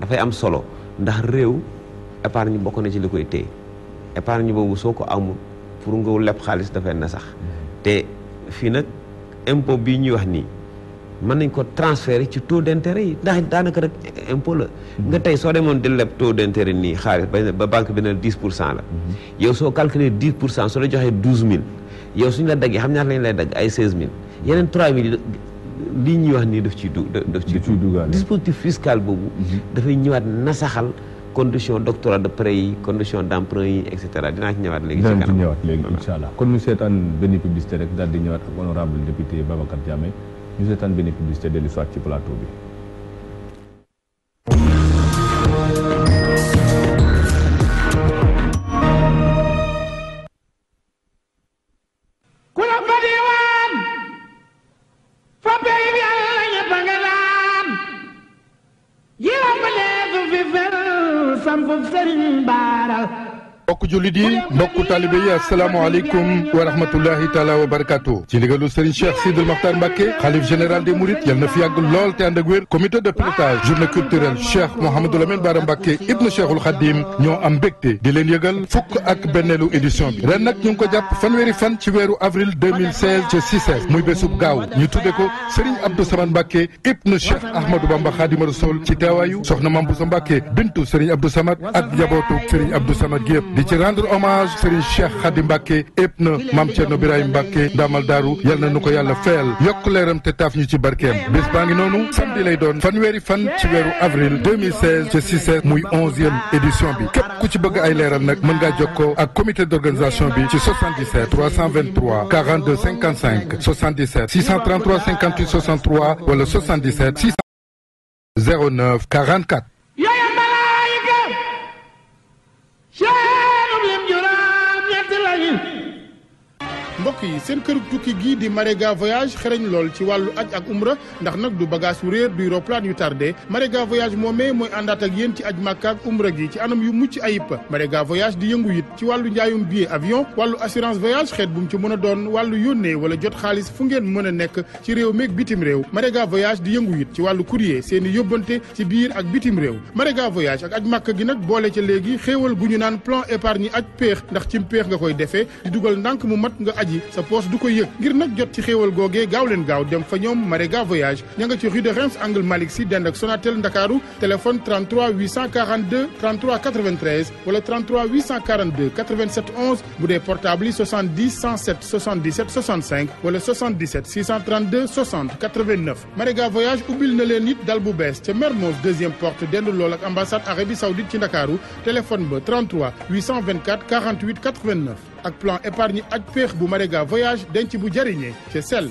dafay am solo ndax réew épargne bokk na ci li koy téye épargne boobu soo ko amul pour nga leb xaalis dafay na sax te fii nag impôt bii ñuy wax nii. mën nañ ko transférer ci taux d' intérêt yi ndax daanaka rek impôt la. nga tey soo demoon di leb taux d' intérêt nii xaalis ba banque bi ne 10 pour cent la. Mhm. yow soo calculer 10 pour cent soo la joxee 12000 yow suñu la daggee xam ñaata lañ lay dagg ay 16000 yeneen 3000 lii ñuy wax nii daf ciy du daf ciy dugal dispositif fiscal boobu. Mhm. dafay ñëwaat nasaxal. condition doctorat de prêt yi condition d' emprunt yi et cetera dinaa ci ñëwaat léegi. ci kanam dinaa ci ñëwaat léegi incha allah kon ñu seetaan benn publicité dellu si ci plateau bi. jullit yi mbokku taalibe yi asalaamaaleykum wa rahmatullahi taala wa barakaatu ci ndigalu Serigne Cheikh Sidil Mokhtar Mbacké xalif général des Mourides yal na fi yàgg lool te ànd ak wér comité de pilotage journée culturelle Cheikh Mouhamadou Lamine Bara Mbacké ibnu Cheikhul Khadim ñoo am di leen yëgal fukk ak benneelu édition bi ren nag ñu ngi ko ci weeru avril 2016 ca muy bésub gaaw ñu tudde ko Serigne Abdou Samane Mbacké ibnu Cheikh Ahmadou Bamba Khadim Rassoul ci teewaayu rendre hommage Serigne Cheikh Khady Mbacké ëpp na Mame Thierno Birahim Mbacké ndaamal daaru yal na nu ko yàlla fayal yokk leeram te taaf ñu ci barkeem bés baa ngi noonu samedi lay doon fanweeri fan ci weeru avril 2016 ci 6 muy 11e édition bi képp ku ci bëgg ay leeral nag mën ngaa jokkoo ak comité d'organisation bi ci 77 323 42 55 77 633 58 63 wala 77 609 44 mbokk yi seen kër tukki gii di Maréga voyage xereñ lool ci wàllu aj ak umra ndax nag du bagage yu réer du roplaan yu tardé Maréga voyage moomee mooy àndaat ak yéen ci aj màkka ak umra gi ci anam yu mucc ayib Maréga voyage di yëngu it ci wàllu njaayum billet avion wàllu assurance voyage xeet bu mu ci mën a doon wàllu yónnee wala jot xaalis fu ngeen mën a nekk ci réew meeg bitim réew Maréga voyage di yëngu it ci wàllu courrier seen i ci biir ak bitim réew Maréga voyage ak aj màkka gi nag boole ca léegi xéewal gu ñu naan plan épargne aj péex ndax cim péex nga koy defee di ndànk mu mat nga aj aji sa poche du ko yëg ngir nag jot ci xéewal googee gaaw leen gaaw dem fa ñoom Maréga voyage ña nga ci rue de Reims angle Malick Sy dend ak Sonatel Ndakaaru téléphone 33 842 33 93 wala dee portable yi 70 107 voyage ubbil na leen it dal bu bees ca Mermoz deuxième porte dend lool ak ambassade Arabie Saoudite ci Ndakaaru téléphone ba ak plan épargne ak péex bu Mariga voyage denc bu jëriñee ca sell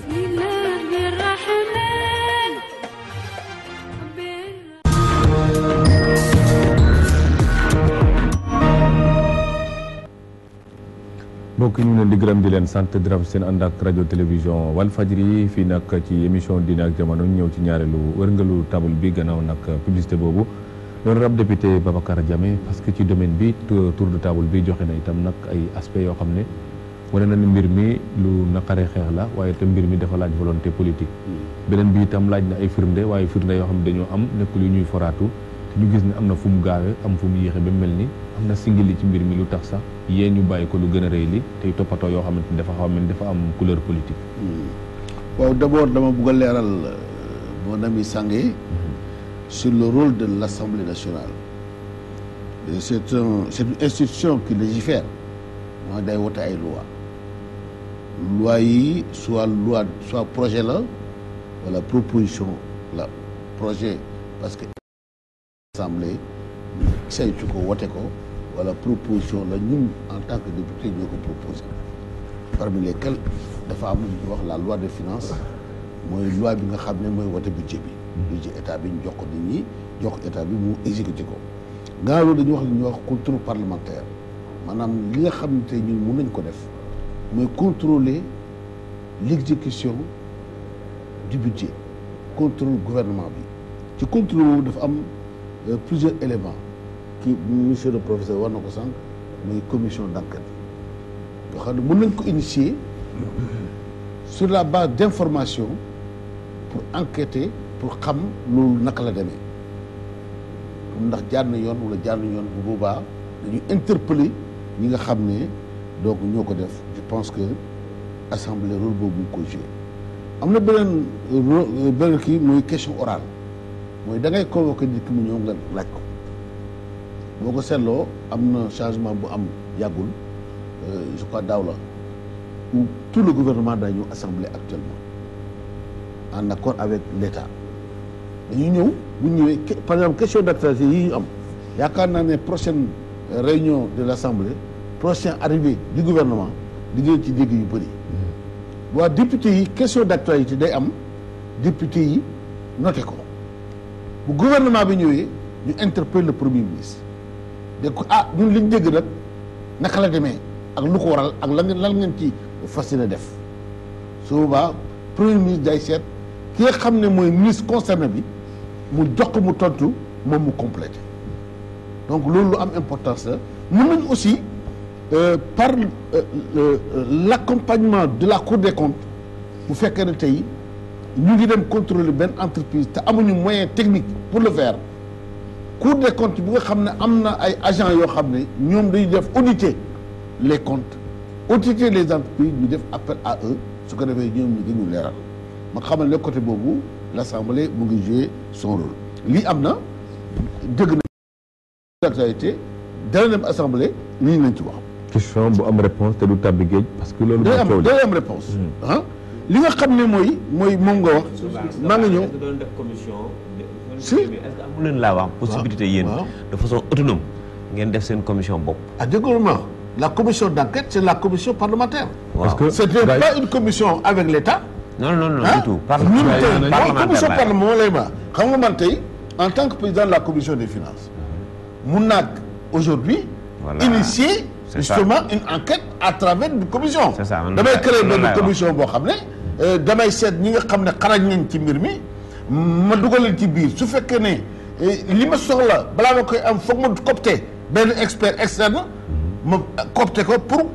mbokk ñu leen di gërëm di leen sant di seen ànd ak rajo télévision Walfadjri fii nag ci émission diine ak jamono ñëw ci ñaareelu wërngalu table bi gannaaw nag publicité boobu. honorable député Babacar Diame parce que ci domaine bi tour de table bi joxe na itam nag ay aspects yoo xam ne wane na ne mbir mi lu naqaree xeex la waaye itam mbir mi dafa laaj volonté politique hmm. beneen bi itam laaj na ay firnde waaye firnde yoo xam ne dañoo am nekkul yu ñuy foraatu te ñu gis ne am na fu mu gaawee am fu mu yéexe ba mel ni am na singil ci mbir mi lu tax sax yéen ñu bàyyi ko lu gën a rëy li tey toppatoo yoo xamante ni dafa xaw dafa am couleur politique hmm. waaw d'abord dama bugg sur le rôle de l'Assemblée nationale c'est un c'est une institution qui légifère mooy day wote ay loi loi yi soit loi soit projet la wala proposition la projet parce que assemblée saytu ko wote ko wala proposition la ñun en tant que député ñoo ko dafa am wax la loi de finances mooy loi bi nga xam ne mooy wote budget budget état bi ñu jox ko nit jox état bi mu exécuté ko gannaaw loolu dañuy wax li ñuy wax contrôle parlementaire maanaam li nga xam ne tey ñun mun nañ ko def mooy contrôler l'exécution du budget contrôle gouvernement bi ci contrôle boobu dafa am euh, plusieurs éléments ki monsieur le professeur war na ko sànq mooy commission d'enquête yoo xam ne mën nañ ko initier sur la base d'informations pour enquêter pour xam lu naka la demee ndax jaar na yoon wala jaar yoon bu boobaa dañu interpeller ñi nga xam ne donc ñoo ko def je pense que assemblée rôle boobu ko joué am na beneen euh, beneen kii muy question orale mooy da ngay convoqué nit ki mu ñëw nga laaj ko boo ko seetloo am na changement bu am yàggul euh, je crois daaw la où tout le gouvernement dañu ñëw assemblée actuellement en accord avec l'État dañuy ñëw bu ñëwee par exemple question d'actualité yi ñu am yaakaar naa ne prochaine euh, réunion de l'Assemblée prochain arrivée du gouvernement di ngeen ci dégg yu bëri mm-hmm. waa député yi question d'actualité day am député yi noté ko bu gouvernement bi ñëwee ñu interpelle le premier ministre de ko ah ñun liñ dégg nag naka la demee ak lu ko waral ak la lan ngeen ci fas yéene def su boobaa premier ministre day seet ki nga xam ne mooy ministre concerné bi mu jox mu tontu moom mu complété donc loolu lu am importance la mën nañu aussi euh, par euh, euh l' accompagnement de la cour des comptes bu fekkee ne tey ñu ngi dem contrôler benn entreprise te amuñu moyen technique pour le faire cour des comptes bu nga xam ne am na ay agents yoo xam ne ñoom dañuy def auditer les comptes auditer les entreprises ñu def appel à eux su ko defee ñoom ñu gën ñu leeral ma xamal ne côté boobu. l'assemblée mu ngi jouer lii am na dëgg na actualité dana dem assemblée lii nañ ci wax question bu am réponse te du tàbbi géej parce que loolu day am réponse hmm. ah li nga xam ne mooy mooy moom nga wax maa ngi ñëw si amu leen laa wax possibilité yéen de façon autonome ngeen def seen commission bopp ah déggul ma la commission d'enquête c'est la commission parlementaire parce que c'était pas une commission avec l'État non non non du tout. parlement parlementaire commission parlement lay ma xam nga man tey en tant que président de la commission des finances mun naa aujourd'hui voilà initier. justement une enquête à travers une commission. c'est ça damay créer benn commission boo xam ne. Euh, damay seet ñi nga xam ne xarañ nañ ci mbir mi ma dugalal ci biir su fekkee ne euh, li ma soxla balaa ma koy am foog ma copter benn expert externe ma copter ko pour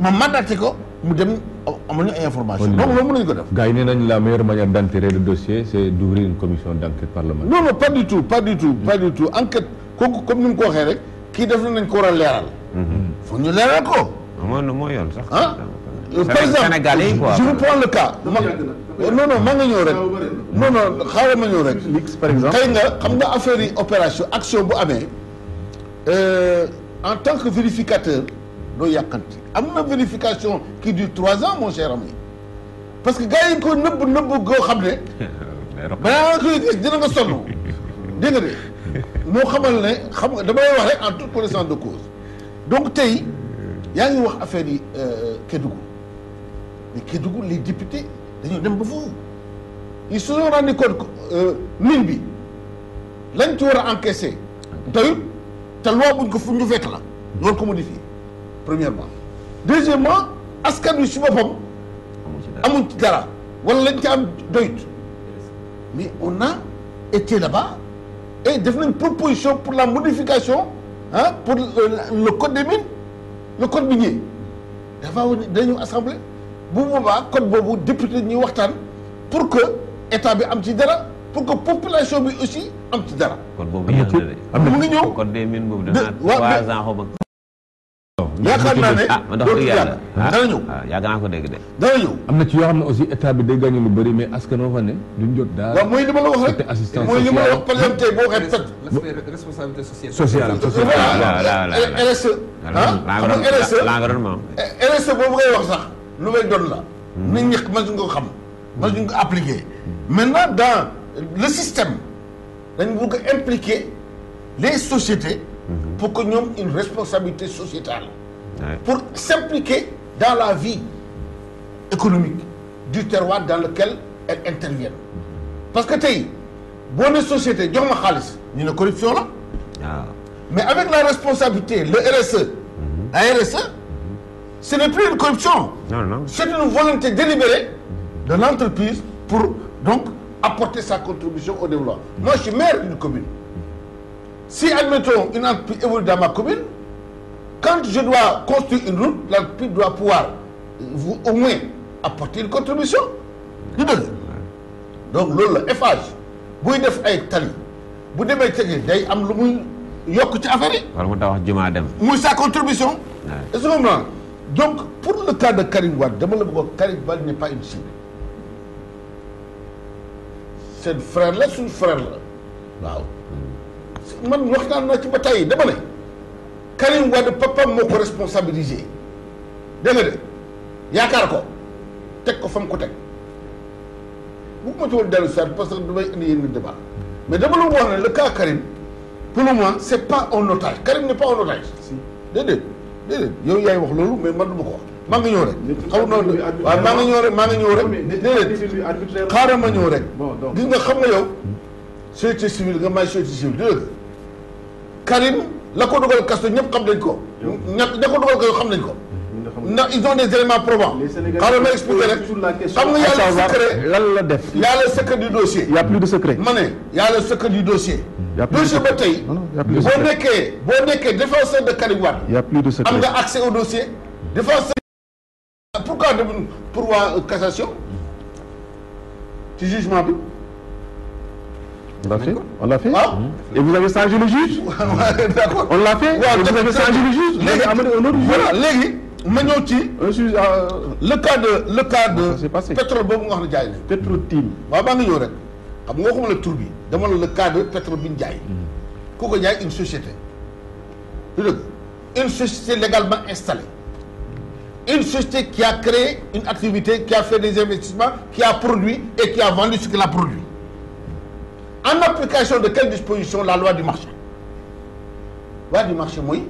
ma mandaté ko mu dem. amuñu ay information donc loolu mënuñu ko def. gars yi nee nañ la meilleure manière d'enterrer le dossier c'est d'ouvrir une commission d'enquête parlementaire. non non pas du tout pas du tout pas du tout enquête kooku comme ni mu ko waxee rek kii def nañ ko war a leeral. Mhm. foog ñu leeral ko. moo moo yoon sax. ah euh, par exemple je vous prends le cas. non euh, non maa nga ñëw rek. non non xaaral ma ñëw rek. par exemple xëy nga xam nga affaire yi opération action bu amee euh, en tant que vérificateur. doo yàkkanti am na vérification qui dure trois ans mon cher ami parce que gars yi ko nëbb nëbb goo xam ne [laughs] balaa nga koy gis dina nga sonn dégg nga de moo xamal ne xam nga damay wax rek en toute connaissance de cause donc tey yaa ngi wax affaire yi euh, Kédougou mais Kédougou les députés dañoo dem ba foofu ils se sont rendu compte mine euh, bi lañ ci war a encaissé ah doyut te loi buñ ko fu ñu fekk la loolu ko modifié premièrement deuxièmement askan wi su boppam amuñ ci dara wala lañ ci am doyut mais on a été là-bas et def nañ proposition pour la modification ah pour le code des mines le code minier dafa woon dañu assemblée bu boobaa code boobu député ñuy waxtaan pour que état bi am ci dara pour que population bi aussi am ci dara. kon boobu mu ngi ñëw kon des mines boobu dana yaakaar naa ne ah man dootul yàlla dana ñëw ah, yàgg naa ko dégg de dana ñëw am na ci yoo xam ne aussi état bi day gagné lu bëri mais askan woo fa ne duñ jot daal waaw mooy li ma la wax rek assistance mooy li ma la wax par exemple tey boo xet fat responsabilité sociale RSE ah l'environnement RSE la hmm. nit ñi man suñ ko hmm. dañ bëgg impliquer les sociétés pour que ñoom une responsabilité sociétale. pour s'impliquer dans la vie économique du terroir dans lequel elles interviennent. parce que tey boo ne société jox ma xaalis ñu ne corruption la. Ah. mais avec la responsabilité le RSE. Mm-hmm. la RSE. ce n'est plus une corruption. non non une volonté délibérée de l'entreprise pour donc apporter sa contribution au développement. Mm-hmm. moi je maire d'une commune. si admettons une entreprise évolue dans ma commune quand je dois construire une route l'entreprise doit pouvoir vous au moins apporter une contribution du dëgg donc loolu la Eiffage buy def ay tali bu demee tege day am lu muy yokk ci affaire yi. wala mu tax jumaa dem. muy sa contribution. est-ce que moom donc pour le cas de Karim Wade dama la bëggoon Karim Wade n'est pas une cible seen frère la suñu frère la waaw. Hmm. man waxtaan naa ci ba tey dama ne Karim Wade papam moo ko responsabilisé dégg nga de yaakaar ko teg ko fa mu ko teg bugguma ci woon dellu si parce que damay indi yenn débat mais dama la ne le cas Karim pour le moment c' est pas un n' est ma ko wax maa ngi ñëw rek. xaw ma waaw maa ngi ñëw rek maa ngi ñëw rek. xaaral ma ñëw rek. gis nga xam nga yow. société civile nga may société civile dégg Karim la ko dugal kaso ñëpp xam nañ ko. ñett ña ko dugal kaso xam nañ ko. ndax ils ont des éléments probants. xaaral ma expliqué rek xam nga yàlla secret lan la def. yàlla secret du dossier. y' a plus de secret. ma ne yàlla secret du dossier. dossier ba tey. boo nekkee boo nekkee défenseur de Karim Wade. y' a plus de secret dossier. défenseur pourquoi pour euh, cassation ci jugement bi. on l'a fait on l'a fait. Ah. Hmm. et vous avez changé le juge. [laughs] d'accord on l'a fait. waaw vous avez changé le juge. léegi voilà léegi. ma ñëw ci. un juge euh, le cas de le cas de. pétrole boobu nga xam ne jaay nañu. pétrole team. waaw maa ngi ñëw rek xam nga waxuma la tur bi dama la le cas de pétrole bi ñu jaay. ku ko jaay une société. lu dëgg une société légalement installée. une société qui a créé une activité qui a fait des investissements qui a produit et qui a vendu ce qu'il a produit. en application de quelle disposition la loi du marché loi du marché mooy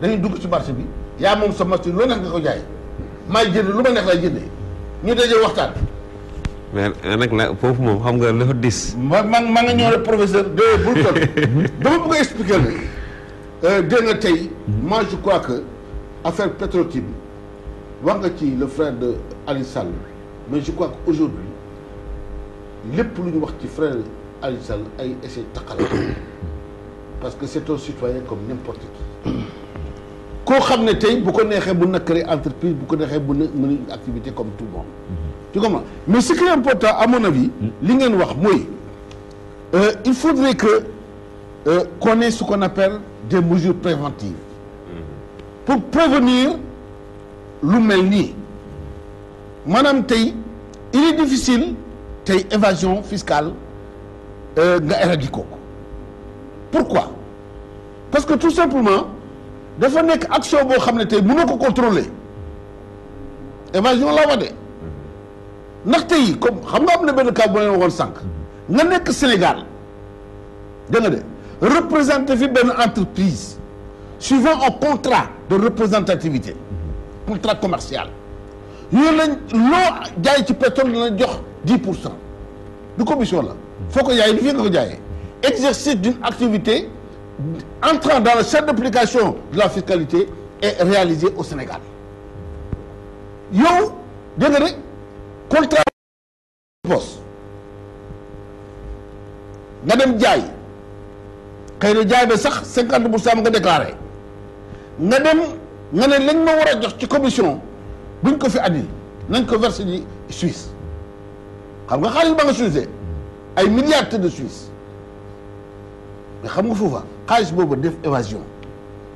dañuy dugg ci marché bi yaa moom sa marché lu nekk nga ko jaay maay jënd lu ma neex lay jëndee ñu daje waxtaan. mais nag la foofu moom xam nga dafa dis. ma ma ma nga ñëw rek professeur de bul toll [laughs] dama bëgg a expliquer la euh, dégg nga tey moi je crois que affaire Petro-Tim wax nga ci le frère de Aliou Sall mais je crois que aujourd'hui lépp lu ñu wax ci frère. Aliou [coughs] Sall parce que c'est un citoyen comme n'importe qui [coughs] koo xam ne tey bu ko neexee mën na créer entreprise bu ko neexee mën na activité comme tout le monde mm-hmm. tu comprends mais ce qui est important à mon avis mm-hmm. li ngeen wax mooy euh, il faudrait que euh, qu'on ait ce qu'on appelle des mesures préventives mm-hmm. pour prévenir lu mel nii maanaam tey il est difficile tey évasion fiscale Euh, nga éradiquer ko pourquoi parce que tout simplement dafa nekk action boo xam ne tey mënoo ko contrôler évasion la wax de ndax tey comme xam nga am na benn cas bu ma sànq nga nekk Sénégal dégg nga de représenter fi benn entreprise suivant un contrat de représentativité contrat commercial yooyu lañ loo jaay ci pétrole dina jox dix pour cent du commission la. foo ko jaayee du fii nga ko jaayee exercice d'une activité entrant dans le champ d'application de la fiscalité est réalisé au Sénégal yow dégg nga de contrat poste nga dem jaay xëy na jaay ba sax cinquante pour cent nga déclaré nga dem nga ne lañ ma jox ci commission buñ ko fi andi nañ ko verser ji Suisse xam nga xaalis ba Suisse ay milliards de Suisse mais xam nga foofa xaalis boobu def évasion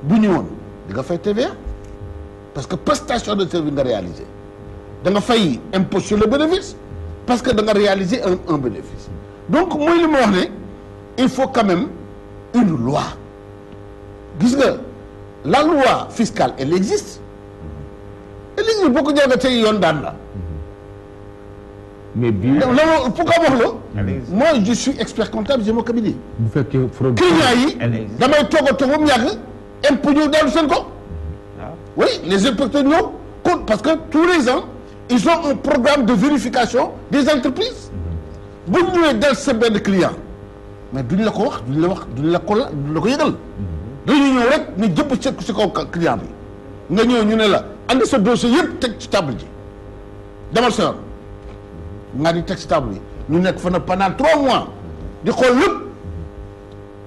bu ñu woon di nga fay TVA parce que prestation de service nga réaliser da nga fay impôt sur le bénéfice parce que da nga réaliser un un bénéfice donc mooy li ma il faut quand même une loi gis nga la loi fiscale elle existe elle existe boo ko jàngatee yoon daan la. mais bii loolu pourquoi ma wax la. moi je suis expert comptable j'ai mon cabinet. bu fekkee fraude client yi. damay toog a toog ba mu yàgg. impôt ñëw dellu seen ko. Ah. oui les inspecteurs ñëw compte parce que tous les ans ils ont un programme de vérification des entreprises. Mm-hmm. bu ñu ñëwee dellu sa benn client. mais duñ la ko wax duñ la wax duñ la ko la duñ la ko yëgal. Mm-hmm. dañuy ñëw rek ñu jëpp ci ci kaw client bi. nga ñëw ñu ne la andi sa dossier yëpp teg ci table ji demal sa yoon nga di teg ci table bi ñu nekk fa nag pendant trois mois di xool lépp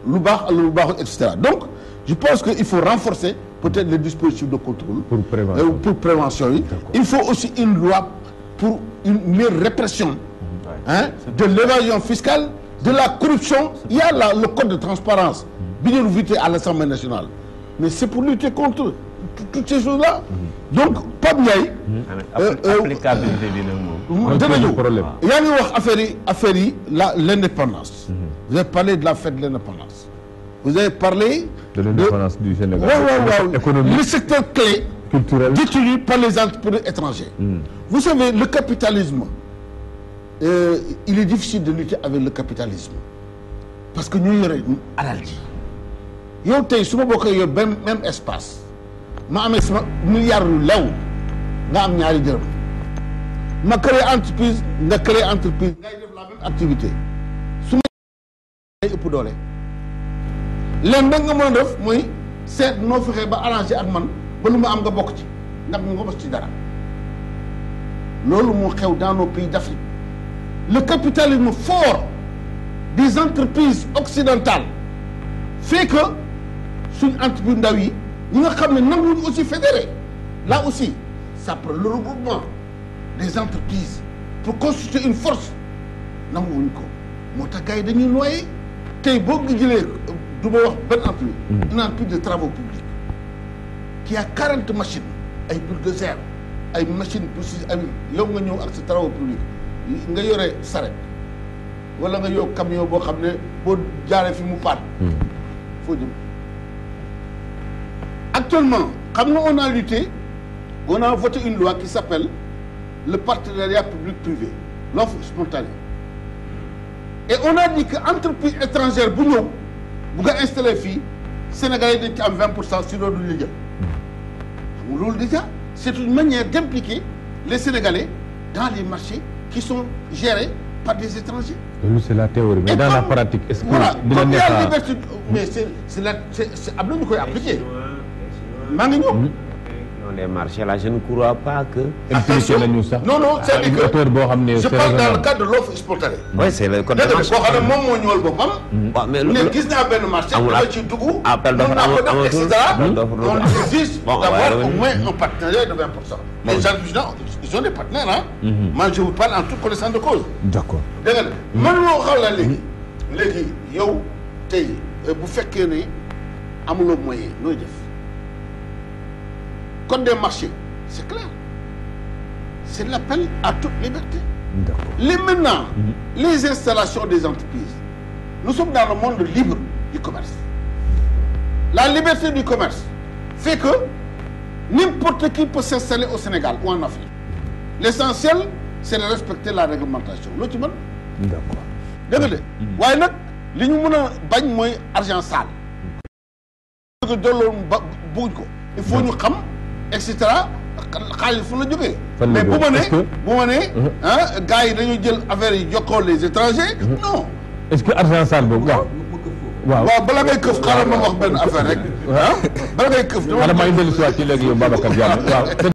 lu baax ak lu baaxul et cetera donc je pense que il faut renforcer peut-être les dispositifs de contrôle. pour prévention euh, pour prévention yi. il faut aussi une loi pour une meilleure répression. Hein, de l'évasion fiscale de la corruption il y a là le code de transparence bi ñu voté à l'Assemblée nationale mais c'est pour lutter contre eux. toutes ces choses là. donc Pape Ndiaye. Euh, euh, applicabilité bi nag moom. problème ah. yaa ngi wax affaire yi affaire yi la l' indépendance. Mhm. vous avez parlé de la fête de l' indépendance. vous avez parlé. de l' indépendance du Sénégal. waaw waaw waaw le secteur clé. culturel détenu par les entrepreneurs étrangers. Mhm. vous savez le capitalisme. Euh, il est difficile de lutter avec le capitalisme parce que ñu yore alal ji yow tey su ma bokkee yow benn même espace ma amee sama milliard lu lew nga am ñaari dërëm ma créé entreprise nga créé entreprise ngay def la activité su ma ëpp doole leen da nga mën def mooy seet noo fexee ba arrangé ak man ba lu ma am nga bokk ci ndax ñu nga bos ci dara loolu mu xew daanoo nos pays d'Afrique le capitalisme fort des entreprises occidentales fait que suñ entreprise ndaw yi ñi nga xam ne nanguwuñu aussi fédéré là aussi ça prend le regroupement des entreprises pour constituer une force nanguwuñ ko moo tax gars dañuy noyé tey boo jëlee du duma wax benn entreprise une entreprise de travaux publics qui a quarante machine ay bulldozer ay machine pour si ay yow nga ñëw ak sa travaux publics nga yore saret wala nga yow camion boo xam ne boo jaaree fi mu paat mm. actuellement xam nga on a lutté on a voté une loi qui s'appelle le partenariat public-privé l'offre spontanée et on a dit que entreprise étrangère bu ñëw bu nga installé fii Sénégal yi dañ ci am 20 pour cent loolu déjà c'est une manière d'impliquer les Sénégalais dans les marchés qui sont gérés par des étrangers. loolu c'est la théorie mais et dans comme, la pratique. est-ce que voilà, dina nekk mais c'est c'est la c'est am na ñu koy maa ngi ñëw. Hmm? non les marchés là je ne crois pas que. Ah, impliqué nañu sax non non c' est à ah, dire que boo xam ne. je parle dans le cadre de l' offre spontanée. Hmm. oui c' est le code de marché koo xam ne moom moo ñëwal boppam. waaw ah. hmm. mais loolu gis naa benn marché. amul ak ci dugg. appel d' offre amul amul tout appel d' offre amul tout. on exige d' avoir au moins un partenariat de 20 pour cent. les gens ils ont des partenaires ah. man je vous parle en toute connaissance de cause. d' accord dégg nga ne mhm. man loo xam la léegi. Mhm. léegi yow tey bu fekkee ne amuloo moyen nooy def. code des marchés c'est clair c'est l'appel à toute liberté les maintenant mmh. les installations des entreprises nous sommes dans le monde libre du commerce la liberté du commerce fait n'importe qui peut s'installer au Sénégal ou en Afrique l'essentiel c'est de respecter la réglementation loo ci mën d'accord dëgg la mm-hmm. waaye nag li ñu mën a bañ mooy argent sale dëgg mm-hmm. dolloon ba buñ ko il faut ñu xam et cetera xaalis fu la jógee. mais bu ma nee na ma nee. ah uh-huh. gars yi dañu jël affaire yi jokkoo les étrangers. Uh-huh. non. est-ce que argent sale boobu waaw. waaw waaw bala ngay këf xaaral ma wax benn affaire rek. ah bala ngay këf. dama maa ngi dellu si waat ci léegi yow Babacar Diallo